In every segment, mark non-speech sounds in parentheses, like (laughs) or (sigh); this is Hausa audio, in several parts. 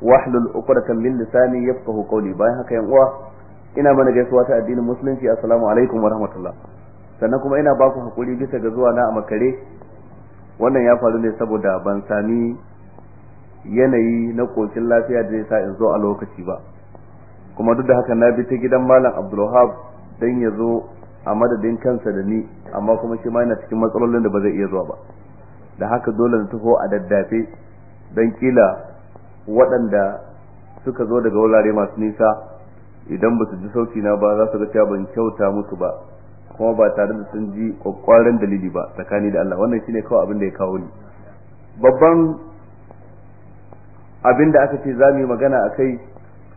wahlul uqdatan min lisani yafqahu qawli bayan haka yan uwa ina mana gaisuwa ta addinin musulunci assalamu alaikum warahmatullah sannan kuma ina baku hakuri bisa ga zuwa na a makare wannan ya faru ne saboda ban sami yanayi na kocin lafiya da zai sa in zo a lokaci ba kuma duk da haka na bi ta gidan malam abdulwahab don ya zo a madadin kansa da ni amma kuma shi ma yana cikin matsalolin da ba zai iya zuwa ba da haka dole na taho a daddafe don kila waɗanda suka zo daga wurare masu nisa idan ba su ji sauki na ba za su ga cewa ban kyauta musu ba kuma ba tare da sun ji kwakwaran dalili ba tsakani da Allah wannan shine kawai abin da ya kawo ni babban abin da aka ce za mu yi magana a kai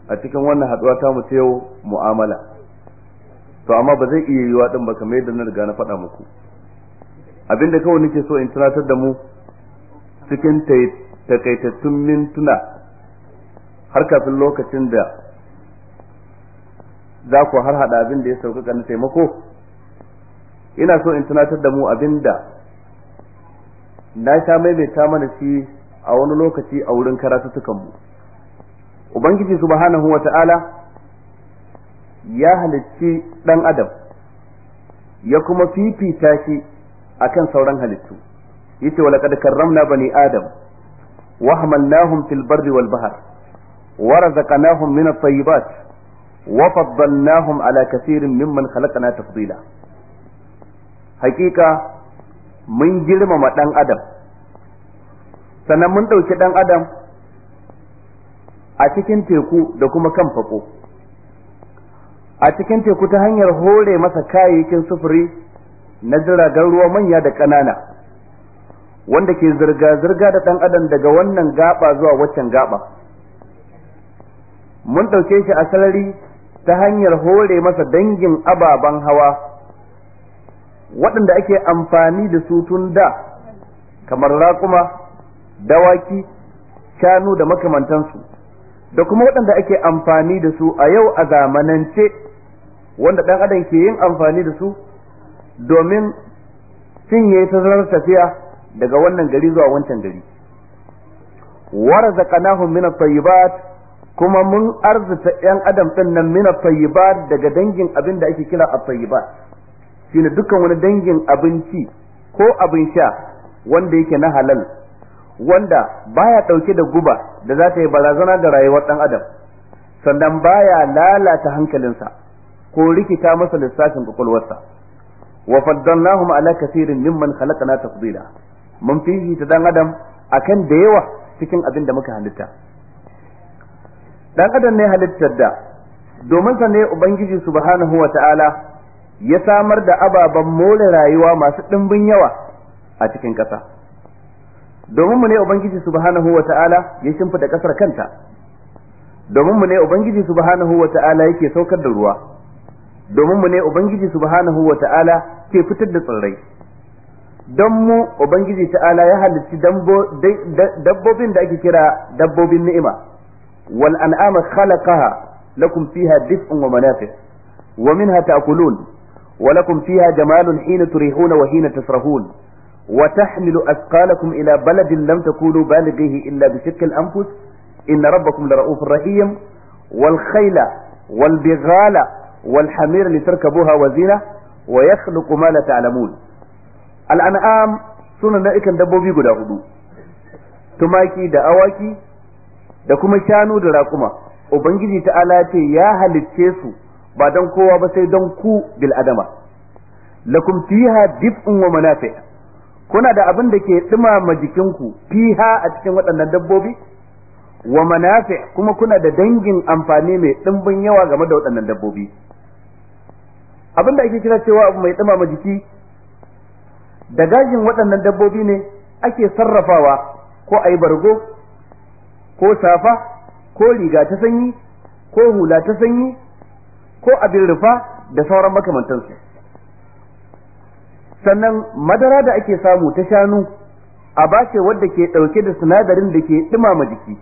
a cikin wannan haɗuwa ta mu ta yau mu'amala to amma ba zai iya yiwa din ba kamar yadda na riga na faɗa muku abin da kawai nake so in tunatar da mu cikin takaitattun mintuna har kafin lokacin da za ku har hada abin da ya sauƙaƙa na taimako ina so in tunatar da mu abin da na sha maimaita mana shi a wani lokaci a wurin karatuttukanmu ubangiji subhanahu wa ta'ala ya halicci ɗan adam ya kuma fifita shi akan sauran halittu yace wa laqad karramna bani adam وحملناهم في البر والبحر ورزقناهم من الطيبات وفضلناهم على كثير ممن خلقنا تفضيلا حقيقة من جرم ما دان أدم sannan mun ɗauki ɗan adam a cikin teku da kuma kan fako a cikin teku ta hanyar hore masa kayayyakin sufuri na jiragen ruwa manya da ƙanana wanda ke zirga-zirga da ɗan adam daga wannan gaba zuwa waccan gaba mun ɗauke shi a sarari ta hanyar hore masa dangin ababen hawa waɗanda ake amfani da su tun da kamar raƙuma dawaki shanu da makamantansu da kuma waɗanda ake amfani da su a yau a zamanance wanda ɗan adam ke yin amfani da su domin cinye zarar tafiya daga wannan gari zuwa wancan gari warzaqnahum min at-tayyibat kuma mun arzuta yan adam din nan min at-tayyibat daga dangin abin da ake kira at-tayyibat shine dukkan wani dangin abinci ko abin sha wanda yake na halal wanda baya dauke da guba da za ta yi barazana ga rayuwar ɗan adam sannan baya lalata hankalinsa ko rikita masa lissafin kwakwalwarsa wa faddalnahum ala kathirin mimman khalaqna tafdila mun ta dan adam akan da yawa cikin abin da muka halitta dan adam ne halittar da domin sa ne ubangiji subhanahu ta'ala ya samar da ababen more rayuwa masu ɗimbin yawa a cikin ƙasa domin mu ne ubangiji subhanahu ta'ala ya shimfida ƙasar kanta domin mu ne ubangiji subhanahu ta'ala yake saukar da ruwa domin mu ne ubangiji subhanahu ta'ala ke fitar da tsirrai don mu ubangiji ta'ala ya halitti dabbobin da ake kira dabbobin ni'ima wal an'ama khalaqaha lakum fiha dif'un wa manafi wa minha ta'kulun wa lakum fiha jamalun hina turihuna wa hina tasrahun wa tahmilu asqalakum ila baladin lam takulu balighihi illa bi shakl anfus inna rabbakum lara'ufur rahim wal khayla wal bighala wal hamira litarkabuha wa zina wa yakhluqu ma la ta'lamun al'an'am suna na'ikan dabbobi guda hudu tumaki da awaki da kuma shanu da raƙuma ubangiji ta'ala ce ya halicce su ba don kowa ba sai don ku bil adama lakum fiha dif'un wa manafi kuna da abin da ke ɗumama jikinku fiha a cikin waɗannan dabbobi wa manafi kuma kuna da dangin amfani mai ɗimbin yawa game da waɗannan dabbobi abin da ake kira cewa abu mai ɗumama jiki da gajin waɗannan dabbobi ne ake sarrafawa ko a yi bargo ko safa ko riga ta sanyi ko hula ta sanyi ko abin rufa da sauran makamantansu sannan madara da ake samu ta shanu a bace wadda ke ɗauke da sinadarin da ke ɗumama jiki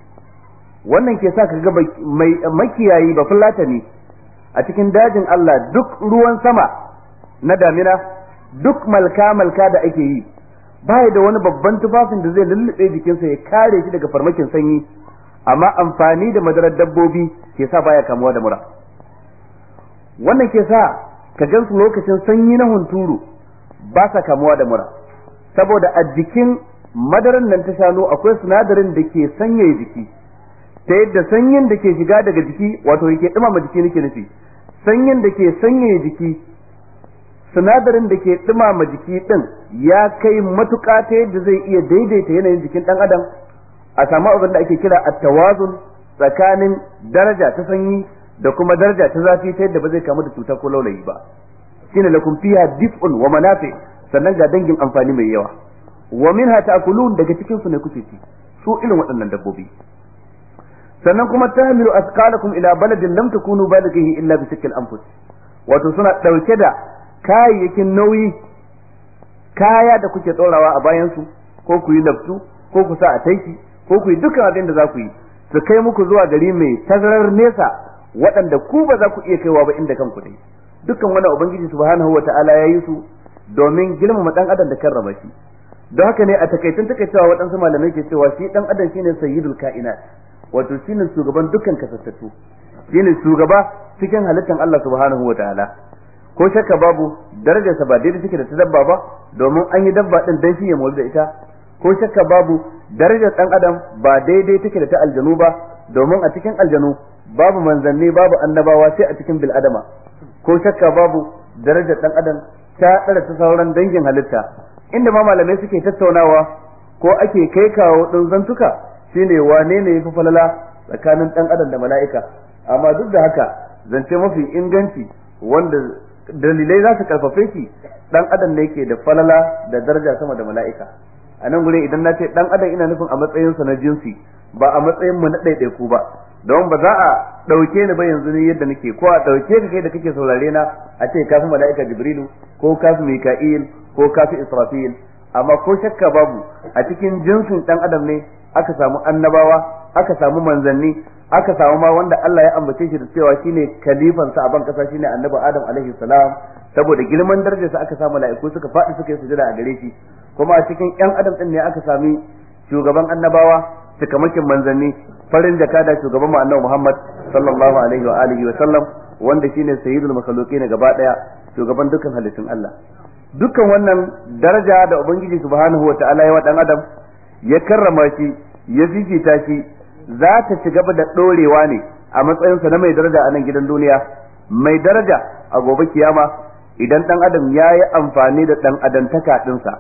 wannan ke sa kaga mai makiyayi ba fulata ne a cikin dajin Allah duk ruwan sama na damina duk malka malka da ake yi baya da wani babban tufafin da zai lullube jikinsa ya kare shi daga farmakin sanyi amma amfani da madarar dabbobi ke sa baya kamuwa da mura wannan ke sa ka gansu lokacin sanyi na hunturu ba sa kamuwa da mura saboda a jikin madarar nan ta shanu akwai sinadarin da ke sanya jiki ta yadda sanyin da ke shiga daga jiki wato yake dumama jiki nake nufi sanyin da ke sanyaya jiki sinadarin da ke dumama jiki din ya kai matuƙa ta yadda zai iya daidaita yanayin jikin ɗan adam a samu abin da ake kira a tawazun tsakanin daraja ta sanyi da kuma daraja ta zafi ta yadda ba zai kamu da cutar ko laulayi ba shine lakum fiha dif'un wa manafi sannan ga dangin amfani mai yawa wa minha ta'kulun daga cikin su ne kuke ci su irin waɗannan dabbobi sannan kuma tahmilu asqalakum ila baladin lam takunu balighihi illa bi shakkil anfus wato suna ɗauke da kayayyakin nauyi kaya da kuke tsorawa a bayansu ko ku yi laftu ko ku sa a taiki ko ku yi dukkan abin da za ku yi su kai muku zuwa gari mai tazarar nesa waɗanda ku ba za ku iya kaiwa ba inda kanku dai dukkan wani ubangiji subhanahu wata'ala ya yi su domin girmama dan adam da karrama shi don haka ne a takaicin takaicewa waɗansu malamai ke cewa shi dan adam shine sayyidul ka'inat wato shine shugaban dukkan shi ne shugaba cikin halittan Allah subhanahu wata'ala ko shakka babu darajarsa ba daidai take da ta dabba ba domin an yi dabba din dan shi ya mori da ita ko shakka babu darajar dan adam ba daidai take da ta aljanu ba domin a cikin aljanu babu manzanni babu annabawa sai a cikin bil adama ko shakka babu darajar dan adam ta dara ta sauran dangin halitta inda ma malamai suke tattaunawa ko ake kai kawo din zantuka shine wane ne yafi falala tsakanin dan adam da mala'ika amma duk da haka zance mafi inganci wanda dalilai za su karfafe shi dan adam ne yake da falala da daraja sama da mala'ika a nan gure idan na ce dan adam ina nufin a matsayin sa na jinsi ba a matsayin mu na ɗaiɗaiku ba don ba za a ɗauke ni ba yanzu ne yadda nake ko a ɗauke ka kai da kake saurare na a ce kafi mala'ika jibrilu ko kafi mika'il ko kafi israfil amma ko shakka babu a cikin jinsin dan adam ne aka samu annabawa aka samu manzanni aka samu ma wanda Allah ya ambace shi da cewa shine khalifan sa a ban kasa shine annabi Adam alaihi salam saboda girman darajarsa aka samu mala'iku suka fadi suka yi sujada a gare shi kuma a cikin yan adam din ne aka sami shugaban annabawa sakamakin manzanni farin jaka da shugaban mu annabi Muhammad sallallahu alaihi wa alihi wa sallam wanda shine sayyidul makhluqin gaba daya shugaban dukkan halittun Allah dukkan wannan daraja da ubangiji subhanahu wa ta'ala ya wa dan adam ya karrama shi ya fifita shi za ta ci gaba da ɗorewa ne a matsayinsa na mai daraja a nan gidan duniya mai daraja a gobe kiyama idan ɗan adam ya yi amfani da ɗan adantaka ɗinsa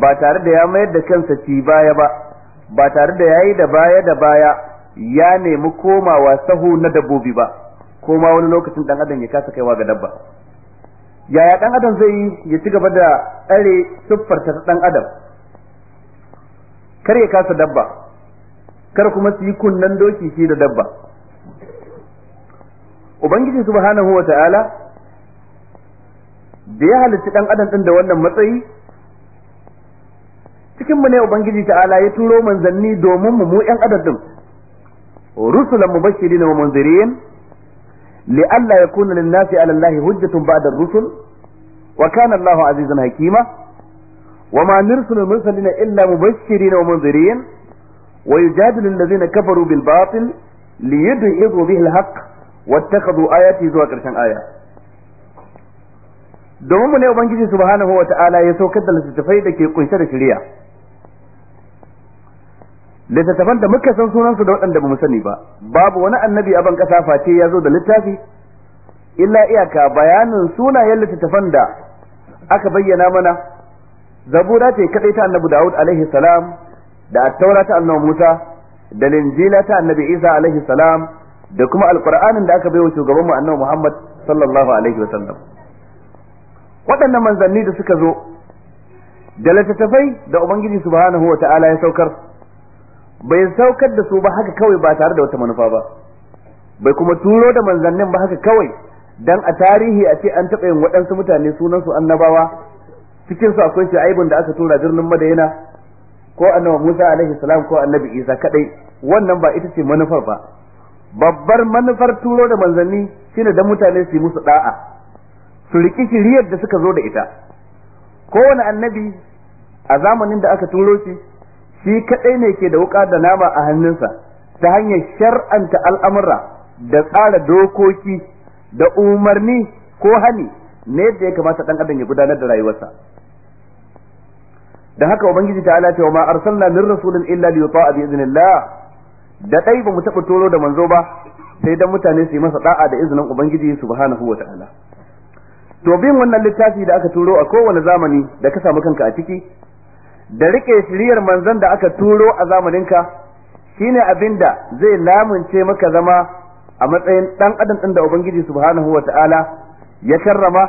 ba tare da ya mayar da kansa ci baya ba ba tare da ya yi da baya da baya ya nemi komawa sahu na dabbobi ba koma wani lokacin ɗan adam ya kasa kaiwa ga dabba yaya ɗan adam zai yi ya ci gaba da tsare siffarta ta ɗan adam kar ya kasa dabba kar kuma su yi kunnen doki shi da dabba ubangiji subhanahu wa ta'ala da ya halitta dan adam din da wannan matsayi cikin mu ne ubangiji ta'ala ya turo manzanni domin mu mu yan adam din rusulan mubashirin wa munzirin li'alla yakuna lin-nasi 'ala Allahi hujjatun ba'da ar-rusul wa kana 'azizan hakima وما نرسل المرسلين إلا مبشرين ومنذرين da ويجادل الذين كفروا بالباطل ليدحضوا به الحق واتخذوا آياتي zuwa كرشان aya. domin mu ne ubangiji subhanahu wata'ala ya saukar da littattafai da ke kunshe da shari'a littattafan da muka san sunansu da waɗanda ba sani ba babu wani annabi a ban ƙasa face ya zo da littafi illa iyaka bayanin sunayen littattafan da aka bayyana mana ta ce kadai ta annabi Dawud alaihi salam da attaura ta annabi Musa da linjila ta annabi Isa alaihi salam da kuma alqur'anin da aka baiwa mu annabi Muhammad sallallahu alaihi wasallam waɗannan manzanni da suka zo da littattafai da ubangiji subhanahu wata'ala ya saukar bai saukar da su ba haka kawai ba tare da wata manufa ba bai kuma turo da manzannin ba haka kawai dan a tarihi a ce an taɓa yin waɗansu mutane sunansu annabawa cikin su akwai shu'aibun da aka tura birnin madayina ko annabi Musa alaihi salam ko annabi Isa kadai wannan ba ita ce manufar ba babbar manufar turo da manzanni shine da mutane su yi musu da'a su riki shiriyar da suka zo da ita kowane annabi a zamanin da aka turo shi shi kadai ne ke da wuka da nama a hannunsa ta hanyar shar'anta al'amura da tsara dokoki da umarni ko hani ne yadda ya kamata dan adam ya gudanar da rayuwarsa da haka ubangiji ta'ala ce wa ma arsalna min rasulin illa li yuta'a bi idnillah da dai ba taba toro da manzo ba sai dan mutane su yi masa da'a da izinin ubangiji subhanahu wa ta'ala to bin wannan littafi da aka turo a kowane zamani da ka samu kanka a ciki da rike shiriyar manzon da aka turo a zamaninka shine abinda zai lamunce maka zama a matsayin dan adam din da ubangiji subhanahu wa ta'ala ya karrama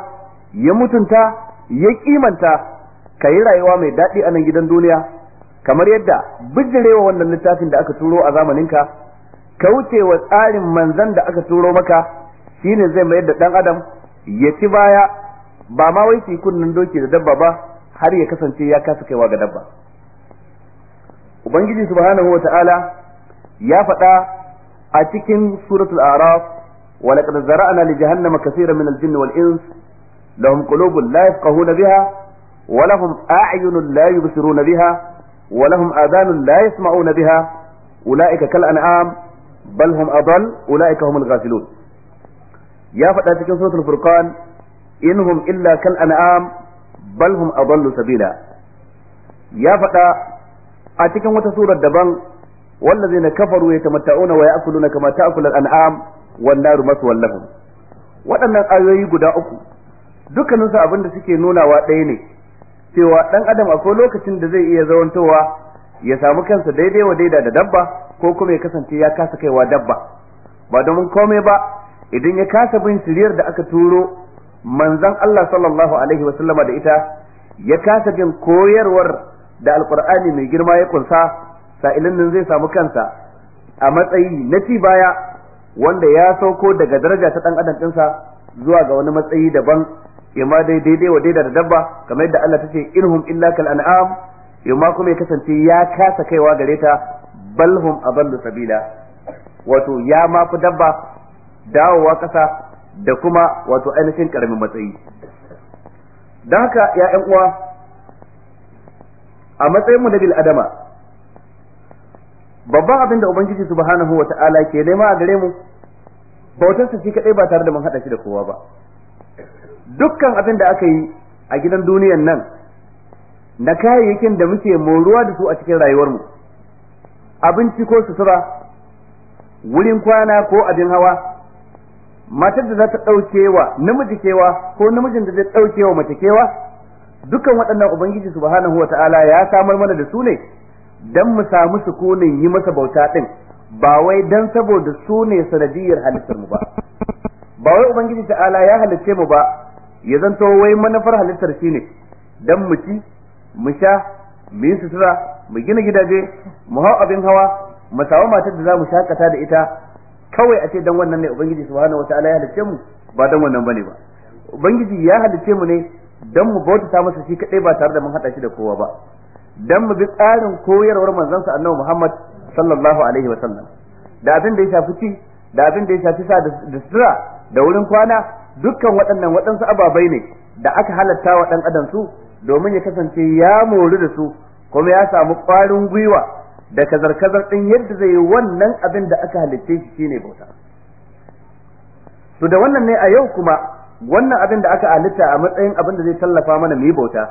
ya mutunta ya kimanta ka yi rayuwa mai daɗi a nan gidan duniya kamar yadda bijirewa wannan littafin da aka turo a zamaninka wa tsarin manzan da aka turo maka shine zai mayar da ɗan adam ya ci baya ba ma wai su kunnen doki da dabba ba har ya kasance ya kasa kaiwa ga dabba ubangiji subhanahu wa ta'ala ya faɗa a cikin suratul araf wa laqad zara'na li jahannama kaseeran min al-jinni wal ins lahum qulubun la yafqahuna biha ولهم أعين لا يبصرون بها ولهم آذان لا يسمعون بها أولئك كالأنعام بل هم أضل أولئك هم الغافلون يا فتاة سورة الفرقان إنهم إلا كالأنعام بل هم أضل سبيلا يا فتاة أتكم وتسورة دبن والذين كفروا يتمتعون ويأكلون كما تأكل الأنعام والنار مثوى لهم waɗannan ayoyi guda uku dukkaninsu abin da suke nunawa ɗaya ne cewa dan adam akwai lokacin da zai iya zawantowa ya samu kansa daidai wa daida da dabba ko kuma ya kasance ya kasa kaiwa dabba ba domin komai ba idan ya kasa bin shiriyar da aka turo manzan Allah sallallahu alaihi wa da ita ya kasa bin koyarwar da alkur'ani mai girma ya kunsa sa'ilin nan zai samu kansa a matsayi na ci baya wanda ya sauko daga daraja ta ɗan adam ɗinsa zuwa ga wani matsayi daban yamma dai daidai wa daidai da dabba kamar yadda Allah tace inhum illa kal an'am yamma kuma ya kasance ya kasa kaiwa gare ta balhum adallu sabila wato ya ma fi dabba dawowa kasa da kuma wato ainihin karamin matsayi don haka ya ƴan uwa a matsayin mu na bil adama babban abin da ubangiji subhanahu wa ta'ala ke nema a gare mu bautarsa shi kadai ba tare da mun hada shi da kowa ba dukkan abin da aka yi a gidan duniyan nan na kayayyakin da muke moruwa da su a cikin rayuwarmu abinci ko sutura wurin kwana ko abin hawa matar da za ta ɗauke wa namiji kewa ko namijin da zai ɗauke wa mace kewa dukan waɗannan ubangiji subhanahu wata'ala ya samar mana da su ne dan mu samu sukunin yi masa bauta din ba wai dan saboda su ne sanadiyar halittar mu ba ba wai ubangiji ta'ala ya halicce mu ba ya zanto wai manufar halittar shi ne. dan mu ci mu sha mu yi sutura mu gina gidaje mu hau abin hawa mu samu matar da za mu shakata da ita kawai a ce dan wannan ne ubangiji subhanahu ala ya halicce mu ba dan wannan bane ba ubangiji ya halicce mu ne dan mu bautata masa shi kadai ba tare da mun hada shi da kowa ba dan mu bi tsarin koyarwar manzon sa annabi Muhammad sallallahu alaihi wa sallam, da abin da ya shafi ci da abin da ya shafi sa da sutura da wurin kwana dukkan waɗannan waɗansu ababai ne da aka halatta wa ɗan adam su domin ya kasance ya mori da su kuma ya samu ƙwarin gwiwa da kazar-kazar ɗin yadda zai yi wannan abin da aka halitta shi ne bauta to da wannan ne a yau kuma wannan abin da aka halitta a matsayin abin da zai tallafa mana mu yi bauta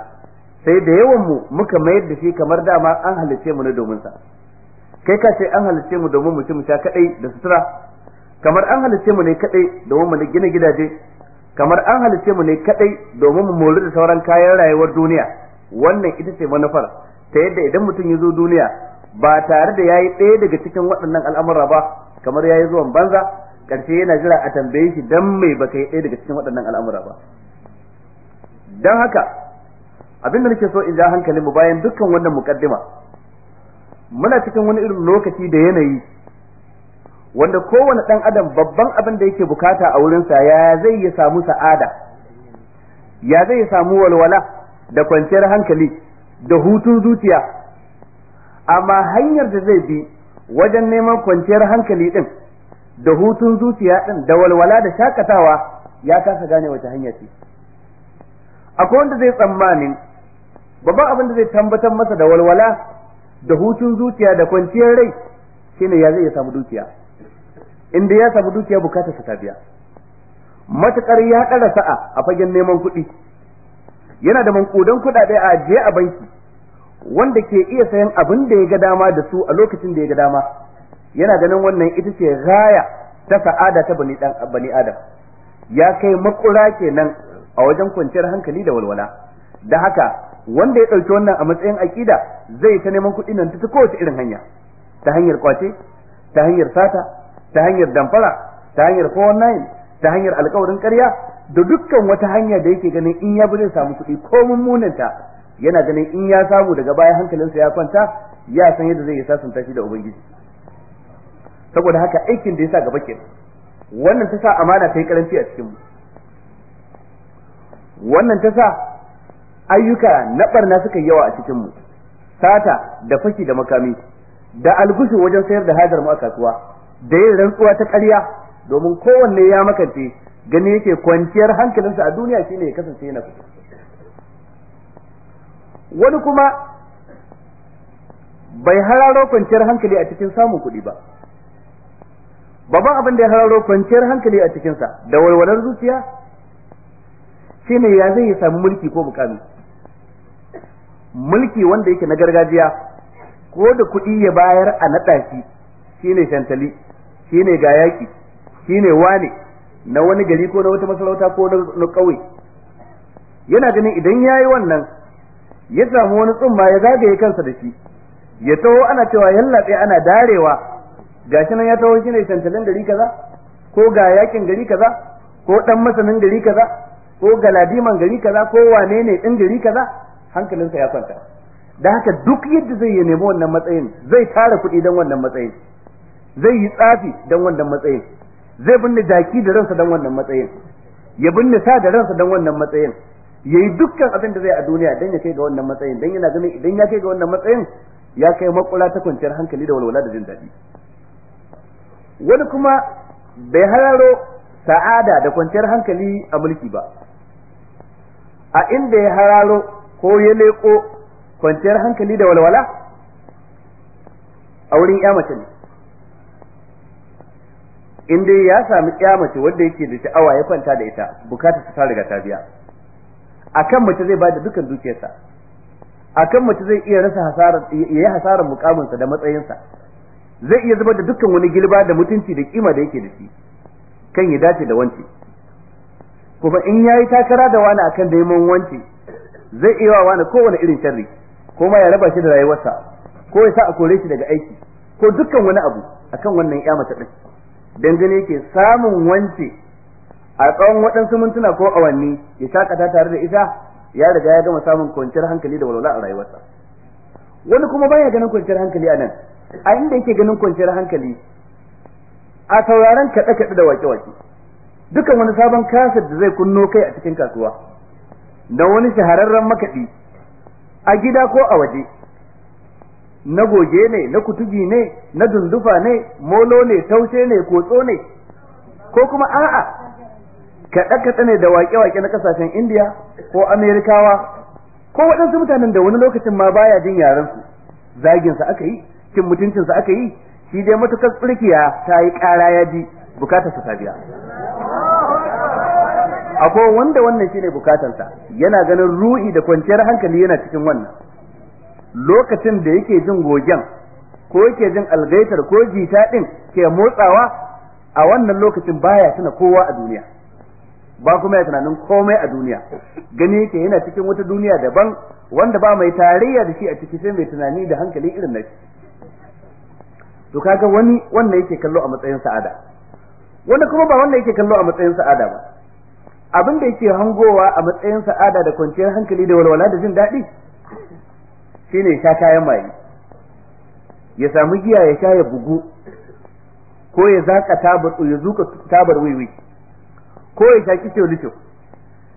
sai da yawan mu muka mayar da shi kamar dama an halitta mu ne domin sa kai ka ce an halitta mu domin mu ci mu sha kaɗai da sutura kamar an halitta mu ne kaɗai domin mu gina gidaje kamar an halice mu ne kadai domin mu mori da sauran kayan rayuwar duniya wannan ita ce manufar ta yadda idan mutum ya zo duniya ba tare da yayi ɗaya daga cikin waɗannan al'amura ba kamar yayi zuwan banza karshe yana jira a tambaye shi dan mai ka yi ɗaya daga cikin waɗannan al'amura ba dan haka abin da nake so in ja hankalin mu bayan dukkan wannan mukaddima muna cikin wani irin lokaci da yanayi wanda kowane ɗan adam babban abin da yake bukata a wurinsa ya zai ya samu sa'ada ya zai ya samu walwala da kwanciyar hankali da hutun zuciya amma hanyar da zai bi wajen neman kwanciyar hankali ɗin da hutun zuciya ɗin da walwala da shakatawa ya kasa gane wata hanya ce akwai wanda zai tsammanin babban abin da zai tambatar masa da walwala da hutun zuciya da kwanciyar rai shine ya zai ya samu dukiya inda ya samu dukiya bukatar sa ta biya matukar ya ɗara sa'a a fagen neman kuɗi yana da mankudan kuɗaɗe a ajiye a banki wanda ke iya sayan abin da ya ga dama da su a lokacin da ya ga dama yana ganin wannan ita ce raya ta sa'ada ta bani dan bani adam ya kai makura kenan a wajen kwanciyar hankali da walwala da haka wanda ya ɗauki wannan a matsayin aƙida zai ta neman kuɗi nan ta kowace irin hanya ta hanyar kwace ta hanyar sata ta hanyar damfara ta hanyar 419 ta hanyar alkawarin ƙarya da dukkan wata hanya da yake ganin in ya bi zai samu kuɗi ko ta yana ganin in ya samu daga baya hankalinsa ya kwanta ya san yadda zai yi sasanta shi da ubangiji saboda haka aikin da ya sa gaba kenan wannan ta sa amana ta yi karanci a cikinmu wannan ta sa ayyuka na barna suka yawa a cikin mu sata da faki da makami da algushi wajen sayar da hajar mu a kasuwa da yin rantsuwa ta ƙarya domin kowanne ya makance gani yake kwanciyar hankalinsa a duniya shine ya kasance yana kuɗi wani kuma bai hararo kwanciyar hankali a cikin samun kuɗi ba babban abin da ya hararo kwanciyar hankali a cikinsa da walwalar zuciya shine ya zai sami mulki ko mukami mulki wanda yake na gargajiya ko da kuɗi ya bayar a naɗa shi shine shantali shine ga yaki shine wane na wani gari ko na wata masarauta ko na ƙauye yana ganin idan ya yi wannan ya samu wani tsumma ya zagaye kansa da shi ya taho ana cewa yallaɓe ana darewa gashi nan ya taho shine shantalin gari kaza ko ga yakin gari kaza ko dan masanin gari kaza ko galadiman gari kaza ko wane ne din gari kaza hankalinsa ya kwanta da haka duk yadda zai ya nemi wannan matsayin zai tara kuɗi don wannan matsayin zai yi tsafi dan wannan matsayin zai binne jaki da ransa dan wannan matsayin ya binne sa da ransa dan wannan matsayin ya yi dukkan abin da zai a duniya dan ya kai ga wannan matsayin dan yana ganin idan ya kai ga wannan matsayin ya kai makula ta kwanciyar hankali da walwala da jin daɗi wani kuma bai hararo sa'ada da kwanciyar hankali a mulki ba a inda ya hararo ko ya leko kwanciyar hankali da walwala a wurin ya mace ne in dai ya sami kyamace wanda yake da sha'awa ya kwanta da ita bukatar ta riga ta biya akan mace zai bada dukan dukiyarsa akan mace zai iya rasa hasarar yi hasarar mukaminsa da matsayinsa zai iya zubar da dukkan wani gilba da mutunci da kima da yake da shi kan ya dace da wance kuma in yayi takara da wani akan neman wanci zai iya wa wani kowane irin sharri ko ma ya raba shi da rayuwarsa ko ya sa a kore shi daga aiki ko dukkan wani abu akan wannan ya din dangane ke samun wance a tsawon waɗansu mintuna ko awanni ya shakata tare da ita ya riga ya gama samun kwanciyar hankali da walwala a rayuwarsa wani kuma baya ganin kwanciyar hankali a nan a inda yake ganin kwanciyar hankali a tauraron kaɗe-kaɗe da wake-wake dukan wani sabon kasar da zai kunno kai a cikin kasuwa da wani shahararren makaɗi a gida ko a waje na goge ne na kutubi ne na dundufa ne molo ne taushe ne kotso ne ko kuma a'a kaɗa kaɗa ne da waƙe-waƙe na ƙasashen indiya ko amerikawa ko waɗansu mutanen da wani lokacin ma baya jin yarensu zaginsa aka yi cin mutuncinsa aka yi shi dai matukar tsirkiya ta yi ƙara ya ji bukatar su biya akwai wanda wannan shine bukatarsa yana ganin ru'i da kwanciyar hankali yana cikin wannan lokacin da yake jin gogen ko yake jin algaitar ko jita din ke motsawa a wannan lokacin baya tuna kowa a duniya ba kuma ya tunanin komai a duniya gani yake yana cikin wata duniya daban wanda ba mai tarayya da shi a ciki sai mai tunani da hankali irin na shi to kaga wani wanda yake kallo a matsayin sa'ada wanda kuma ba wanda yake kallo a matsayin sa'ada ba abin da yake hangowa a matsayin sa'ada da kwanciyar hankali da walwala da jin daɗi shi ne sha kayan maye ya samu giya ya sha ya bugu ko ya zaka tabar ya zuka tabar wiwi ko ya sha kice licho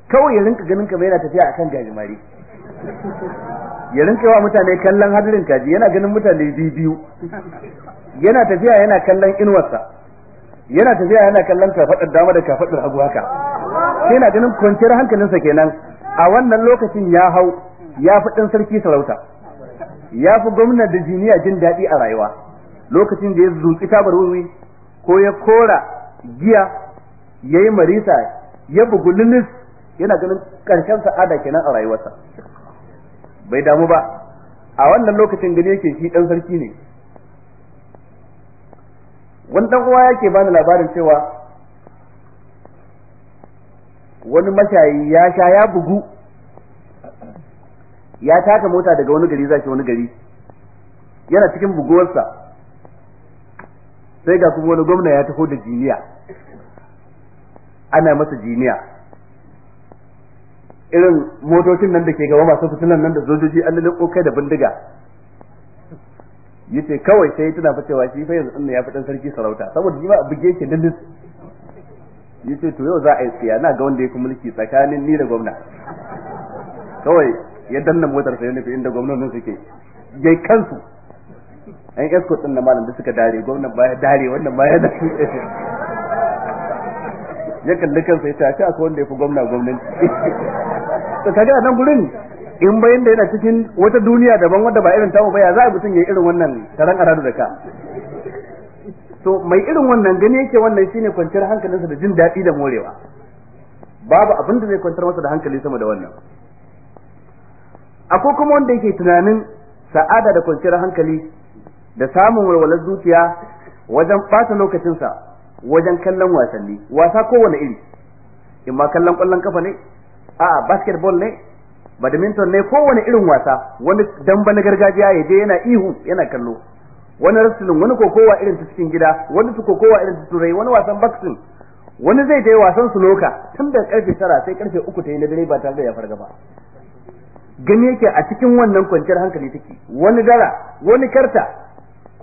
kawai ya rinka ganin kamar yana tafiya akan gajimare ya rinka yawa mutane kallon hadirin kaji yana ganin mutane biyu yana tafiya yana kallon inuwarsa yana tafiya yana kallon kafaɗar dama da kafaɗar hagu haka sai yana ganin kwanciyar hankalinsa kenan a wannan lokacin ya hau ya fi ɗan sarki sarauta ya fi gwamna da jiniya jin daɗi a rayuwa lokacin da ya zuki tabar wuri ko ya kora giya ya yi marisa ya bugu lilis yana ganin ƙarshen sa'ada kenan a rayuwarsa bai damu ba a wannan lokacin gani yake shi ɗan sarki ne wani ɗan uwa yake bani labarin cewa wani mashayi ya sha ya bugu ya taka mota daga wani gari zai wani gari yana cikin buguwarsa sai ga kuma wani gwamna ya taho da jiniya ana masa jiniya irin motocin nan da ke gaba masu fitilan nan da zojoji an lalle kokai da bindiga ce kawai sai tana fa cewa shi fa yanzu din ya fitan sarki sarauta saboda shi ba a buge ke dindin ce to yau za a yi tsaya na ga wanda ya kuma mulki tsakanin ni da gwamna kawai ya danna motar sai nufi inda gwamnonin suke yai kansu an escort din da malam da suka dare gwamnan baya dare wannan baya da ya kalli kansa ya tafi akwai wanda ya fi gwamna gwamnati to kaga a nan gurin in bayan da yana cikin wata duniya daban wadda ba irin tamu ba ya za a mutum ya irin wannan taron aradu da ka to mai irin wannan gani yake wannan shine kwanciyar hankalinsa da jin daɗi da morewa babu abin da zai kwantar masa da hankali sama da wannan akwai kuma wanda yake tunanin sa'ada da kwanciyar hankali da samun walwalar zuciya wajen ɓata lokacinsa wajen kallon wasanni wasa kowane iri in ma kallon ƙwallon kafa ne a'a basketball ne badminton ne kowane irin wasa wani damba na gargajiya ya je yana ihu yana kallo wani wrestling wani kokowa irin ta cikin gida wani su kokowa irin ta turai wani wasan boxing wani zai je wasan su loka tun da karfe tara sai karfe uku ta yi na dare ba tare da ya farga ba gani yake a cikin wannan kwanciyar hankali take wani dara wani karta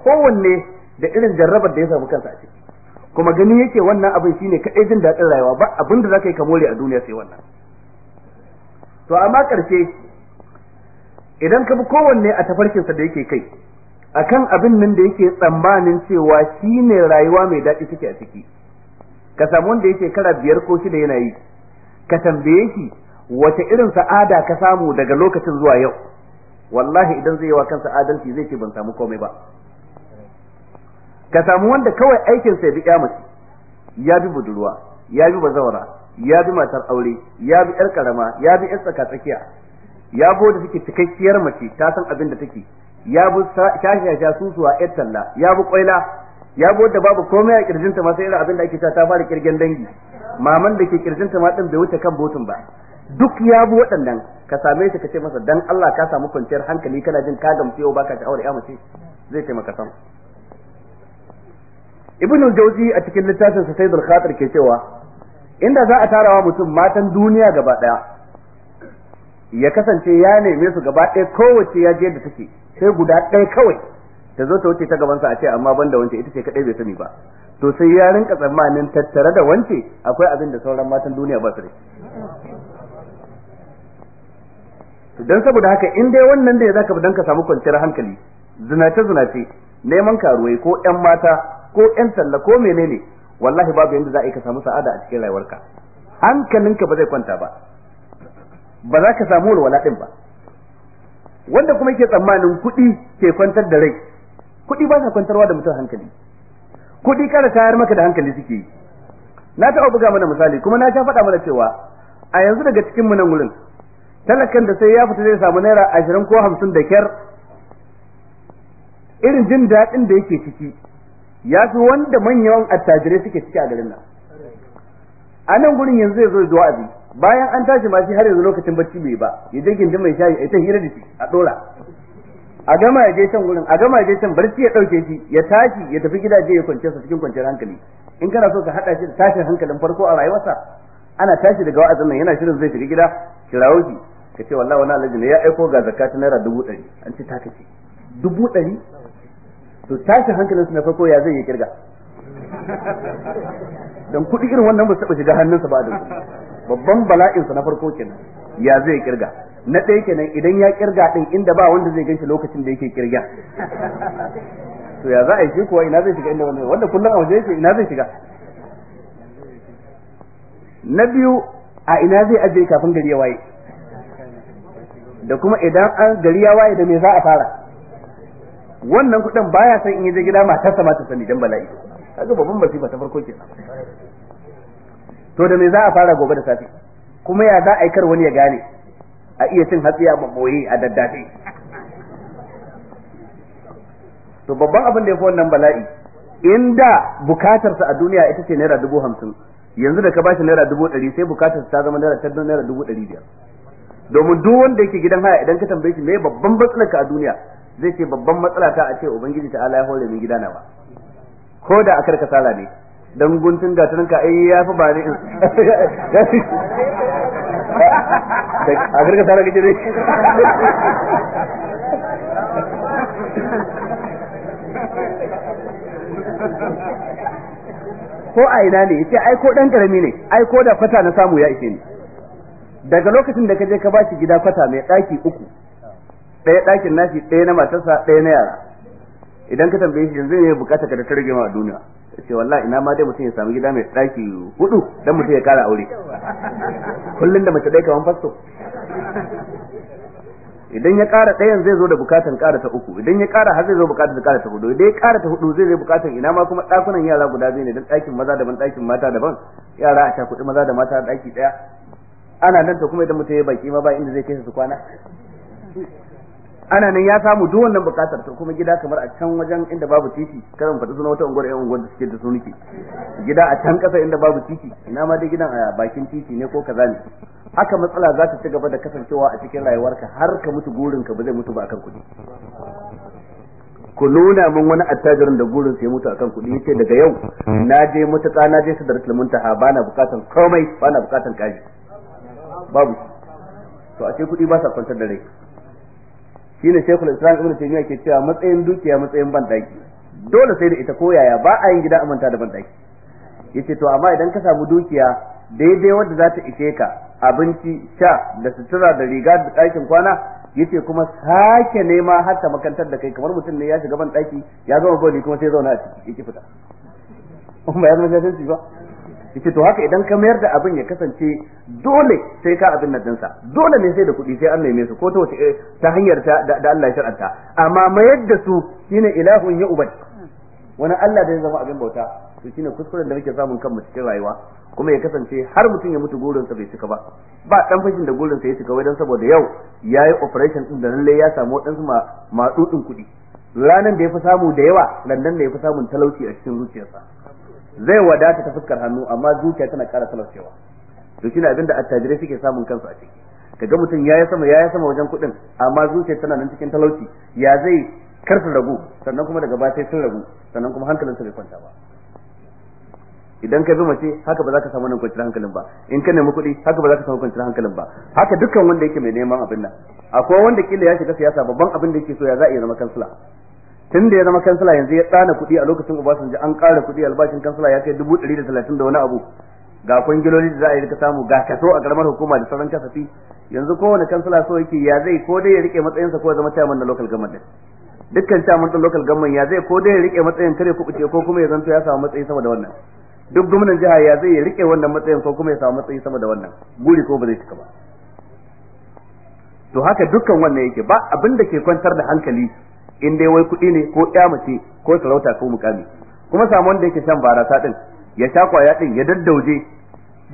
kowanne da irin jarrabar da ya samu kansa a ciki kuma gani yake wannan abin shine kadai jin daɗin rayuwa ba abin da zaka yi ka more a duniya sai wannan to amma karshe idan ka bi kowanne a tafarkin sa da yake kai akan abin nan da yake tsammanin cewa shine rayuwa mai daɗi take a ciki ka samu wanda yake kara biyar ko shida yana yi ka tambaye shi wace irin sa'ada ka samu daga lokacin zuwa yau wallahi idan zai yawa kansa adalci zai ce ban samu komai ba ka samu wanda kawai aikin sa bi kyamaci ya bi budurwa ya bi bazawara ya bi matar aure ya bi yar karama ya bi yar tsaka tsakiya ya bo da take cikakkiyar mace ta san abin da take ya bi shashi sha susuwa yar talla ya bi kwaila ya bi da babu komai a kirjinta ma sai irin abin da ake ta fara kirgen dangi maman da ke kirjinta ma din bai wuce kan botun ba duk ya bi waɗannan ka same shi ka ce masa dan Allah ka samu kwanciyar hankali kana jin ka gamsu yau baka sha'awar ya mace zai ce maka san ibn Jawzi a cikin littafin sa sayyidul khatir ke cewa inda za a tarawa mutum matan duniya gaba daya ya kasance ya neme su gaba ɗaya kowace ya je da take sai guda ɗaya kawai ta zo ta wuce ta gaban sa a ce amma banda wance ita ce kadai bai sani ba to sai ya rinka tsammanin tattare da wance akwai abin da sauran matan duniya ba su da to saboda haka in dai wannan da zaka bi dan ka samu kwanciyar hankali zinace zinace neman karuwai ko 'yan mata ko 'yan talla ko menene wallahi babu yanda za a yi ka samu sa'ada a cikin rayuwarka hankalinka ba zai kwanta ba ba za ka samu walwala din ba wanda kuma yake tsammanin kuɗi ke kwantar da rai kuɗi ba sa kwantarwa da mutum hankali kuɗi kara tayar maka da hankali suke yi na taɓa buga mana misali kuma na sha faɗa mana cewa a yanzu daga cikin mu nan wurin talakan da sai ya fita zai samu naira ashirin ko hamsin da kyar irin jin daɗin da yake ciki ya fi wanda manyan attajirai suke ciki a garin nan a nan gurin yanzu ya zo zuwa abi bayan an tashi ma har yanzu lokacin bacci bai ba ya je gindin mai shayi a ta hira da shi a ɗora a gama ya je can gurin a gama ya je can barci ya ɗauke shi ya tashi ya tafi gidaje ya kwance sa cikin kwanciyar hankali in kana so ka haɗa shi da tashin hankalin farko a rayuwarsa ana tashi daga wa'azin nan yana shirin zai shiga gida kirawo shi ka ce wallahi wani alhaji ne ya aiko ga zakka naira dubu ɗari an ce taka ce dubu ɗari to tashi hankalinsu na farko ya zai yi kirga dan kuɗi irin wannan ba su taɓa shiga hannunsa ba da babban bala'insa na farko kenan ya zai kirga na ɗaya kenan idan ya kirga ɗin inda ba wanda zai ganshi lokacin da yake kirga to ya za a yi shi kuwa ina zai shiga inda wanda wanda kullum a waje yake ina zai shiga na biyu a ina zai ajiye kafin gari ya waye da kuma idan an gari ya waye da me za a fara wannan kuɗin baya son in yi je gida mata sama ta sani dan bala'i kaga babban masifa ta farko kenan to da me za a fara gobe da safe kuma ya za a yi kar wani ya gane a iya cin hatsi a maboye a daddade to babban abin da ya fi wannan bala'i inda sa a duniya ita ce naira dubu hamsin yanzu da ka ba shi naira dubu ɗari sai sa ta zama naira naira dubu ɗari biyar domin duk wanda yake gidan haya idan ka tambaye shi me babban matsalar ka a duniya zai ce babban matsala ta a ce ubangiji ta Allah ya hore min gidana ba ko da akar sala ne dan guntun gatarin ka ai yafi ba (laughs) ne akar sala kike ne ko a ina ne yace ai ko dan karami ne ai ko da fata na samu ya ishe ni daga lokacin da ka je ka bashi gida kwata mai ɗaki uku ɗaya ɗakin nashi ɗaya na matarsa ɗaya na yara idan ka tambaye shi yanzu ne bukata ka da targe ma a duniya ce wallahi ina ma dai mutum ya samu gida mai ɗaki hudu dan mutum ya kara aure kullum da mace ɗaya kaman fasto idan ya kara ɗayan zai zo da bukatan kara ta uku idan ya kara har zai zo bukatan kara ta hudu idan ya kara ta hudu zai zai bukatan ina ma kuma ɗakunan yara guda biyu ne dan ɗakin maza daban ɗakin mata daban yara a ta kuɗi maza da mata ɗaki ɗaya ana nan to kuma idan mutum ya baki ma ba inda zai kai su kwana ana nan ya samu duk wannan bukatar to kuma gida kamar a can wajen inda babu titi karan faɗi suna wata unguwar yan unguwar da suke da su sunuki gida a can ƙasa inda babu titi ina ma dai gidan a bakin titi ne ko kaza ne haka matsala za ta ci gaba da kasancewa a cikin rayuwarka har ka mutu gurinka ba zai mutu ba akan kuɗi ku nuna min wani attajirin da gurin sai mutu akan kuɗi yace daga yau na je mutuka na je sadaratul muntaha bana bukatan komai bana bukatan kaji babu to a ce kuɗi ba sa kwantar da rai shi ne shekul islam ibn taymiya ke cewa matsayin dukiya matsayin ban daki dole sai da ita ko yaya ba a yin gida amanta da ban daki yace to amma idan ka samu dukiya daidai wanda za ta ishe ka abinci sha da sutura da riga da ɗakin kwana yace kuma sake nema har ta makantar da kai kamar mutum ne ya shiga ban daki ya gama goli kuma sai zauna a ciki yake fita ba ya zama shashanci ba yace to haka idan ka mayar da abin ya kasance dole sai ka abin nan dinsa dole ne sai da kuɗi sai an neme su ko ta eh, ta hanyar ta da Allah ya shar'anta amma mayar da su shine ilahun ya ubad wani Allah da ya zama abin bauta to shine kuskuren da muke samun kanmu cikin rayuwa kuma ya kasance har mutum ya mutu gurinsa bai cika ba ba dan fashin da gurinsa ya cika wai dan saboda yau yayi operation din da lalle ya samu wadansu ma matsutsin kuɗi ranan da ya fi samu da yawa landan da ya fi samun talauci a cikin zuciyarsa zai wadata ta fuskar hannu amma zuciya tana ƙara talaucewa to shine abinda attajirai suke samun kansu a ciki kaga mutum yayi sama yayi sama wajen kuɗin amma zuciya tana nan cikin talauci ya zai karfin ragu sannan kuma daga baya sai sun ragu sannan kuma hankalinsa bai kwanta ba idan ka bi mace haka ba za ka samu nan kwanciyar hankalin ba in ka nemi kuɗi haka ba za ka samu kwanciyar hankalin ba haka dukkan wanda yake mai neman abin nan akwai wanda kila ya shiga siyasa babban abin da yake so ya za a iya zama kansila tun da ya zama kansila yanzu ya tsana kuɗi a lokacin Obasanjo an ƙara kuɗi albashin kansila ya kai dubu ɗari da talatin da wani abu ga kwangiloli da za a yi rika samu ga kaso a karamar hukuma da sauran kasafi yanzu kowane kansila so yake ya zai ko dai ya rike matsayinsa ko ya zama chairman na local government dukkan chairman din local government ya zai ko dai ya rike matsayin kare ce ko kuma ya zanto ya samu matsayi sama da wannan duk gwamnan jiha ya zai ya rike wannan matsayin ko kuma ya samu matsayi sama da wannan guri ko ba zai cika ba to haka dukkan wannan yake ba abin da ke kwantar da hankali in dai wai kuɗi ne ko ya mace ko sarauta ko mukami kuma samu wanda yake shan barasa din ya sha kwaya din ya daddauje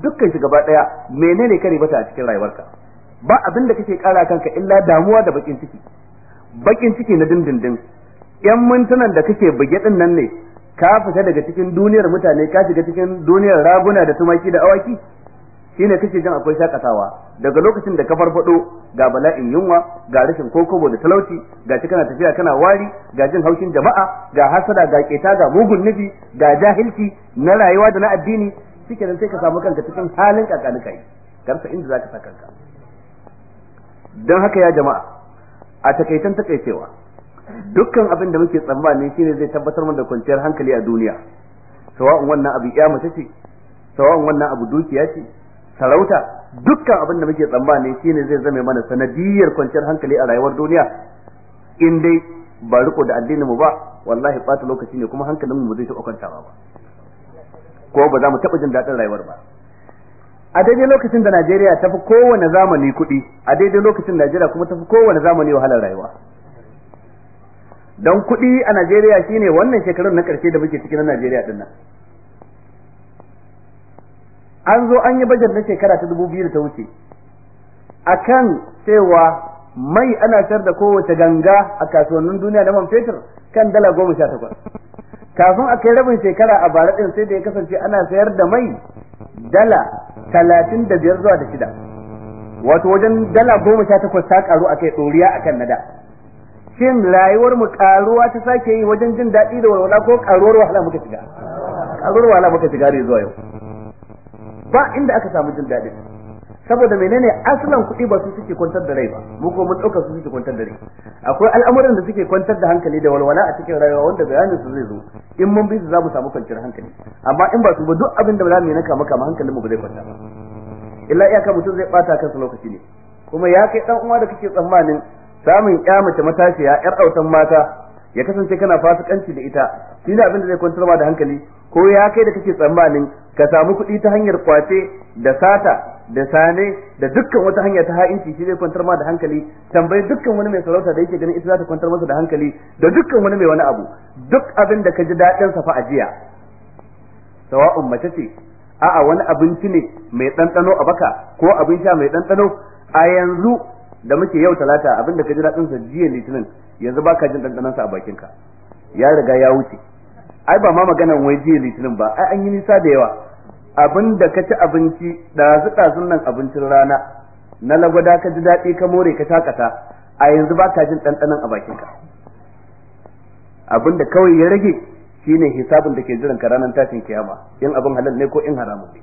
dukkan shi gaba daya menene kare bata a cikin rayuwarka ba abin da kake kara kanka illa damuwa da bakin ciki bakin ciki na dindindin yan mintunan da kake buge din nan ne ka fita daga cikin duniyar mutane ka shiga cikin duniyar raguna da tumaki da awaki shine kake jin akwai shakatawa daga lokacin da ka farfado ga bala'in yunwa ga rashin kokobo da talauci ga shi kana tafiya kana wari ga jin haushin jama'a ga hasada ga keta ga mugun nufi ga jahilci na rayuwa da na addini shike nan sai ka samu kanka cikin halin kakalikai karsa inda zaka sa kanka dan haka ya jama'a a takaitan takaicewa dukkan abin da muke tsammani shine zai tabbatar mana da kwanciyar hankali a duniya sawa'un wannan abu iya mace ce sawa'un wannan abu dukiya ce sarauta dukkan abin da muke tsammani shine zai zame mana sanadiyar kwanciyar hankali a rayuwar duniya in dai ba riko da addinin mu ba wallahi ɓata lokaci ne kuma hankalin mu zai taɓa kwantawa ba ko ba za mu taɓa jin daɗin rayuwar ba a daidai lokacin da Najeriya ta fi kowane zamani kuɗi a daidai lokacin Najeriya kuma ta fi kowane zamani wahalar rayuwa don kuɗi a Najeriya shine wannan shekarun na ƙarshe da muke cikin na Najeriya din nan an zo an yi bajar na shekara ta dubu biyu da ta wuce a kan cewa mai ana sayar da kowace ganga a kasuwannin duniya na man fetur kan dala goma sha takwas kafin a kai rabin shekara a bara ɗin sai da ya kasance ana sayar da mai dala talatin da biyar zuwa da shida wato wajen dala goma sha takwas ta karu a kai ɗoriya a kan nada shin rayuwar mu karuwa ta sake yi wajen jin daɗi da walwala ko karuwar wahala muka shiga karuwar wahala muka shiga ne zuwa yau ba inda aka samu jin daɗin saboda menene asalin kuɗi ba su suke kwantar da rai ba mu ko mun ɗauka su suke kwantar da rai akwai al'amuran da suke kwantar da hankali da walwala a cikin rayuwa wanda bayanin su zai zo in mun bi su za mu samu kwanciyar hankali amma in ba su ba duk abin da za mu yi na kama kama hankalin ba zai kwanta ba illa iyaka mutum zai bata kansa lokaci ne kuma ya kai dan uwa da kake tsammanin samun ya mace matashiya yar autan mata ya kasance kana fasikanci da ita shi ne abin da zai kwantar ma da hankali ko ya kai da kake tsammanin ka samu kuɗi ta hanyar kwace da sata da sane da dukkan wata hanya ta ha'inci shi zai kwantar ma da hankali tambayi dukkan wani mai sarauta da yake ganin ita za ta kwantar masa da hankali da dukkan wani mai wani abu duk abin da ka ji daɗin sa fa ajiya sawa'un mace ce a'a wani abinci ne mai ɗanɗano a baka ko abin sha mai ɗanɗano a yanzu da muke yau talata abin da ka ji daɗin sa jiya litinin yanzu baka jin ɗanɗanon sa a bakinka ya riga ya wuce ai ba ma maganan wai jiya litinin ba ai an yi nisa da yawa abin da ka ci abinci ɗazu ɗazun nan abincin rana na lagwada ka ji daɗi ka more ka takata a yanzu ba ka jin ɗanɗanon a bakinka abin da kawai ya rage shine hisabin da ke jiran ka ranar tashin kiyama in abin halal ne ko in haramun ne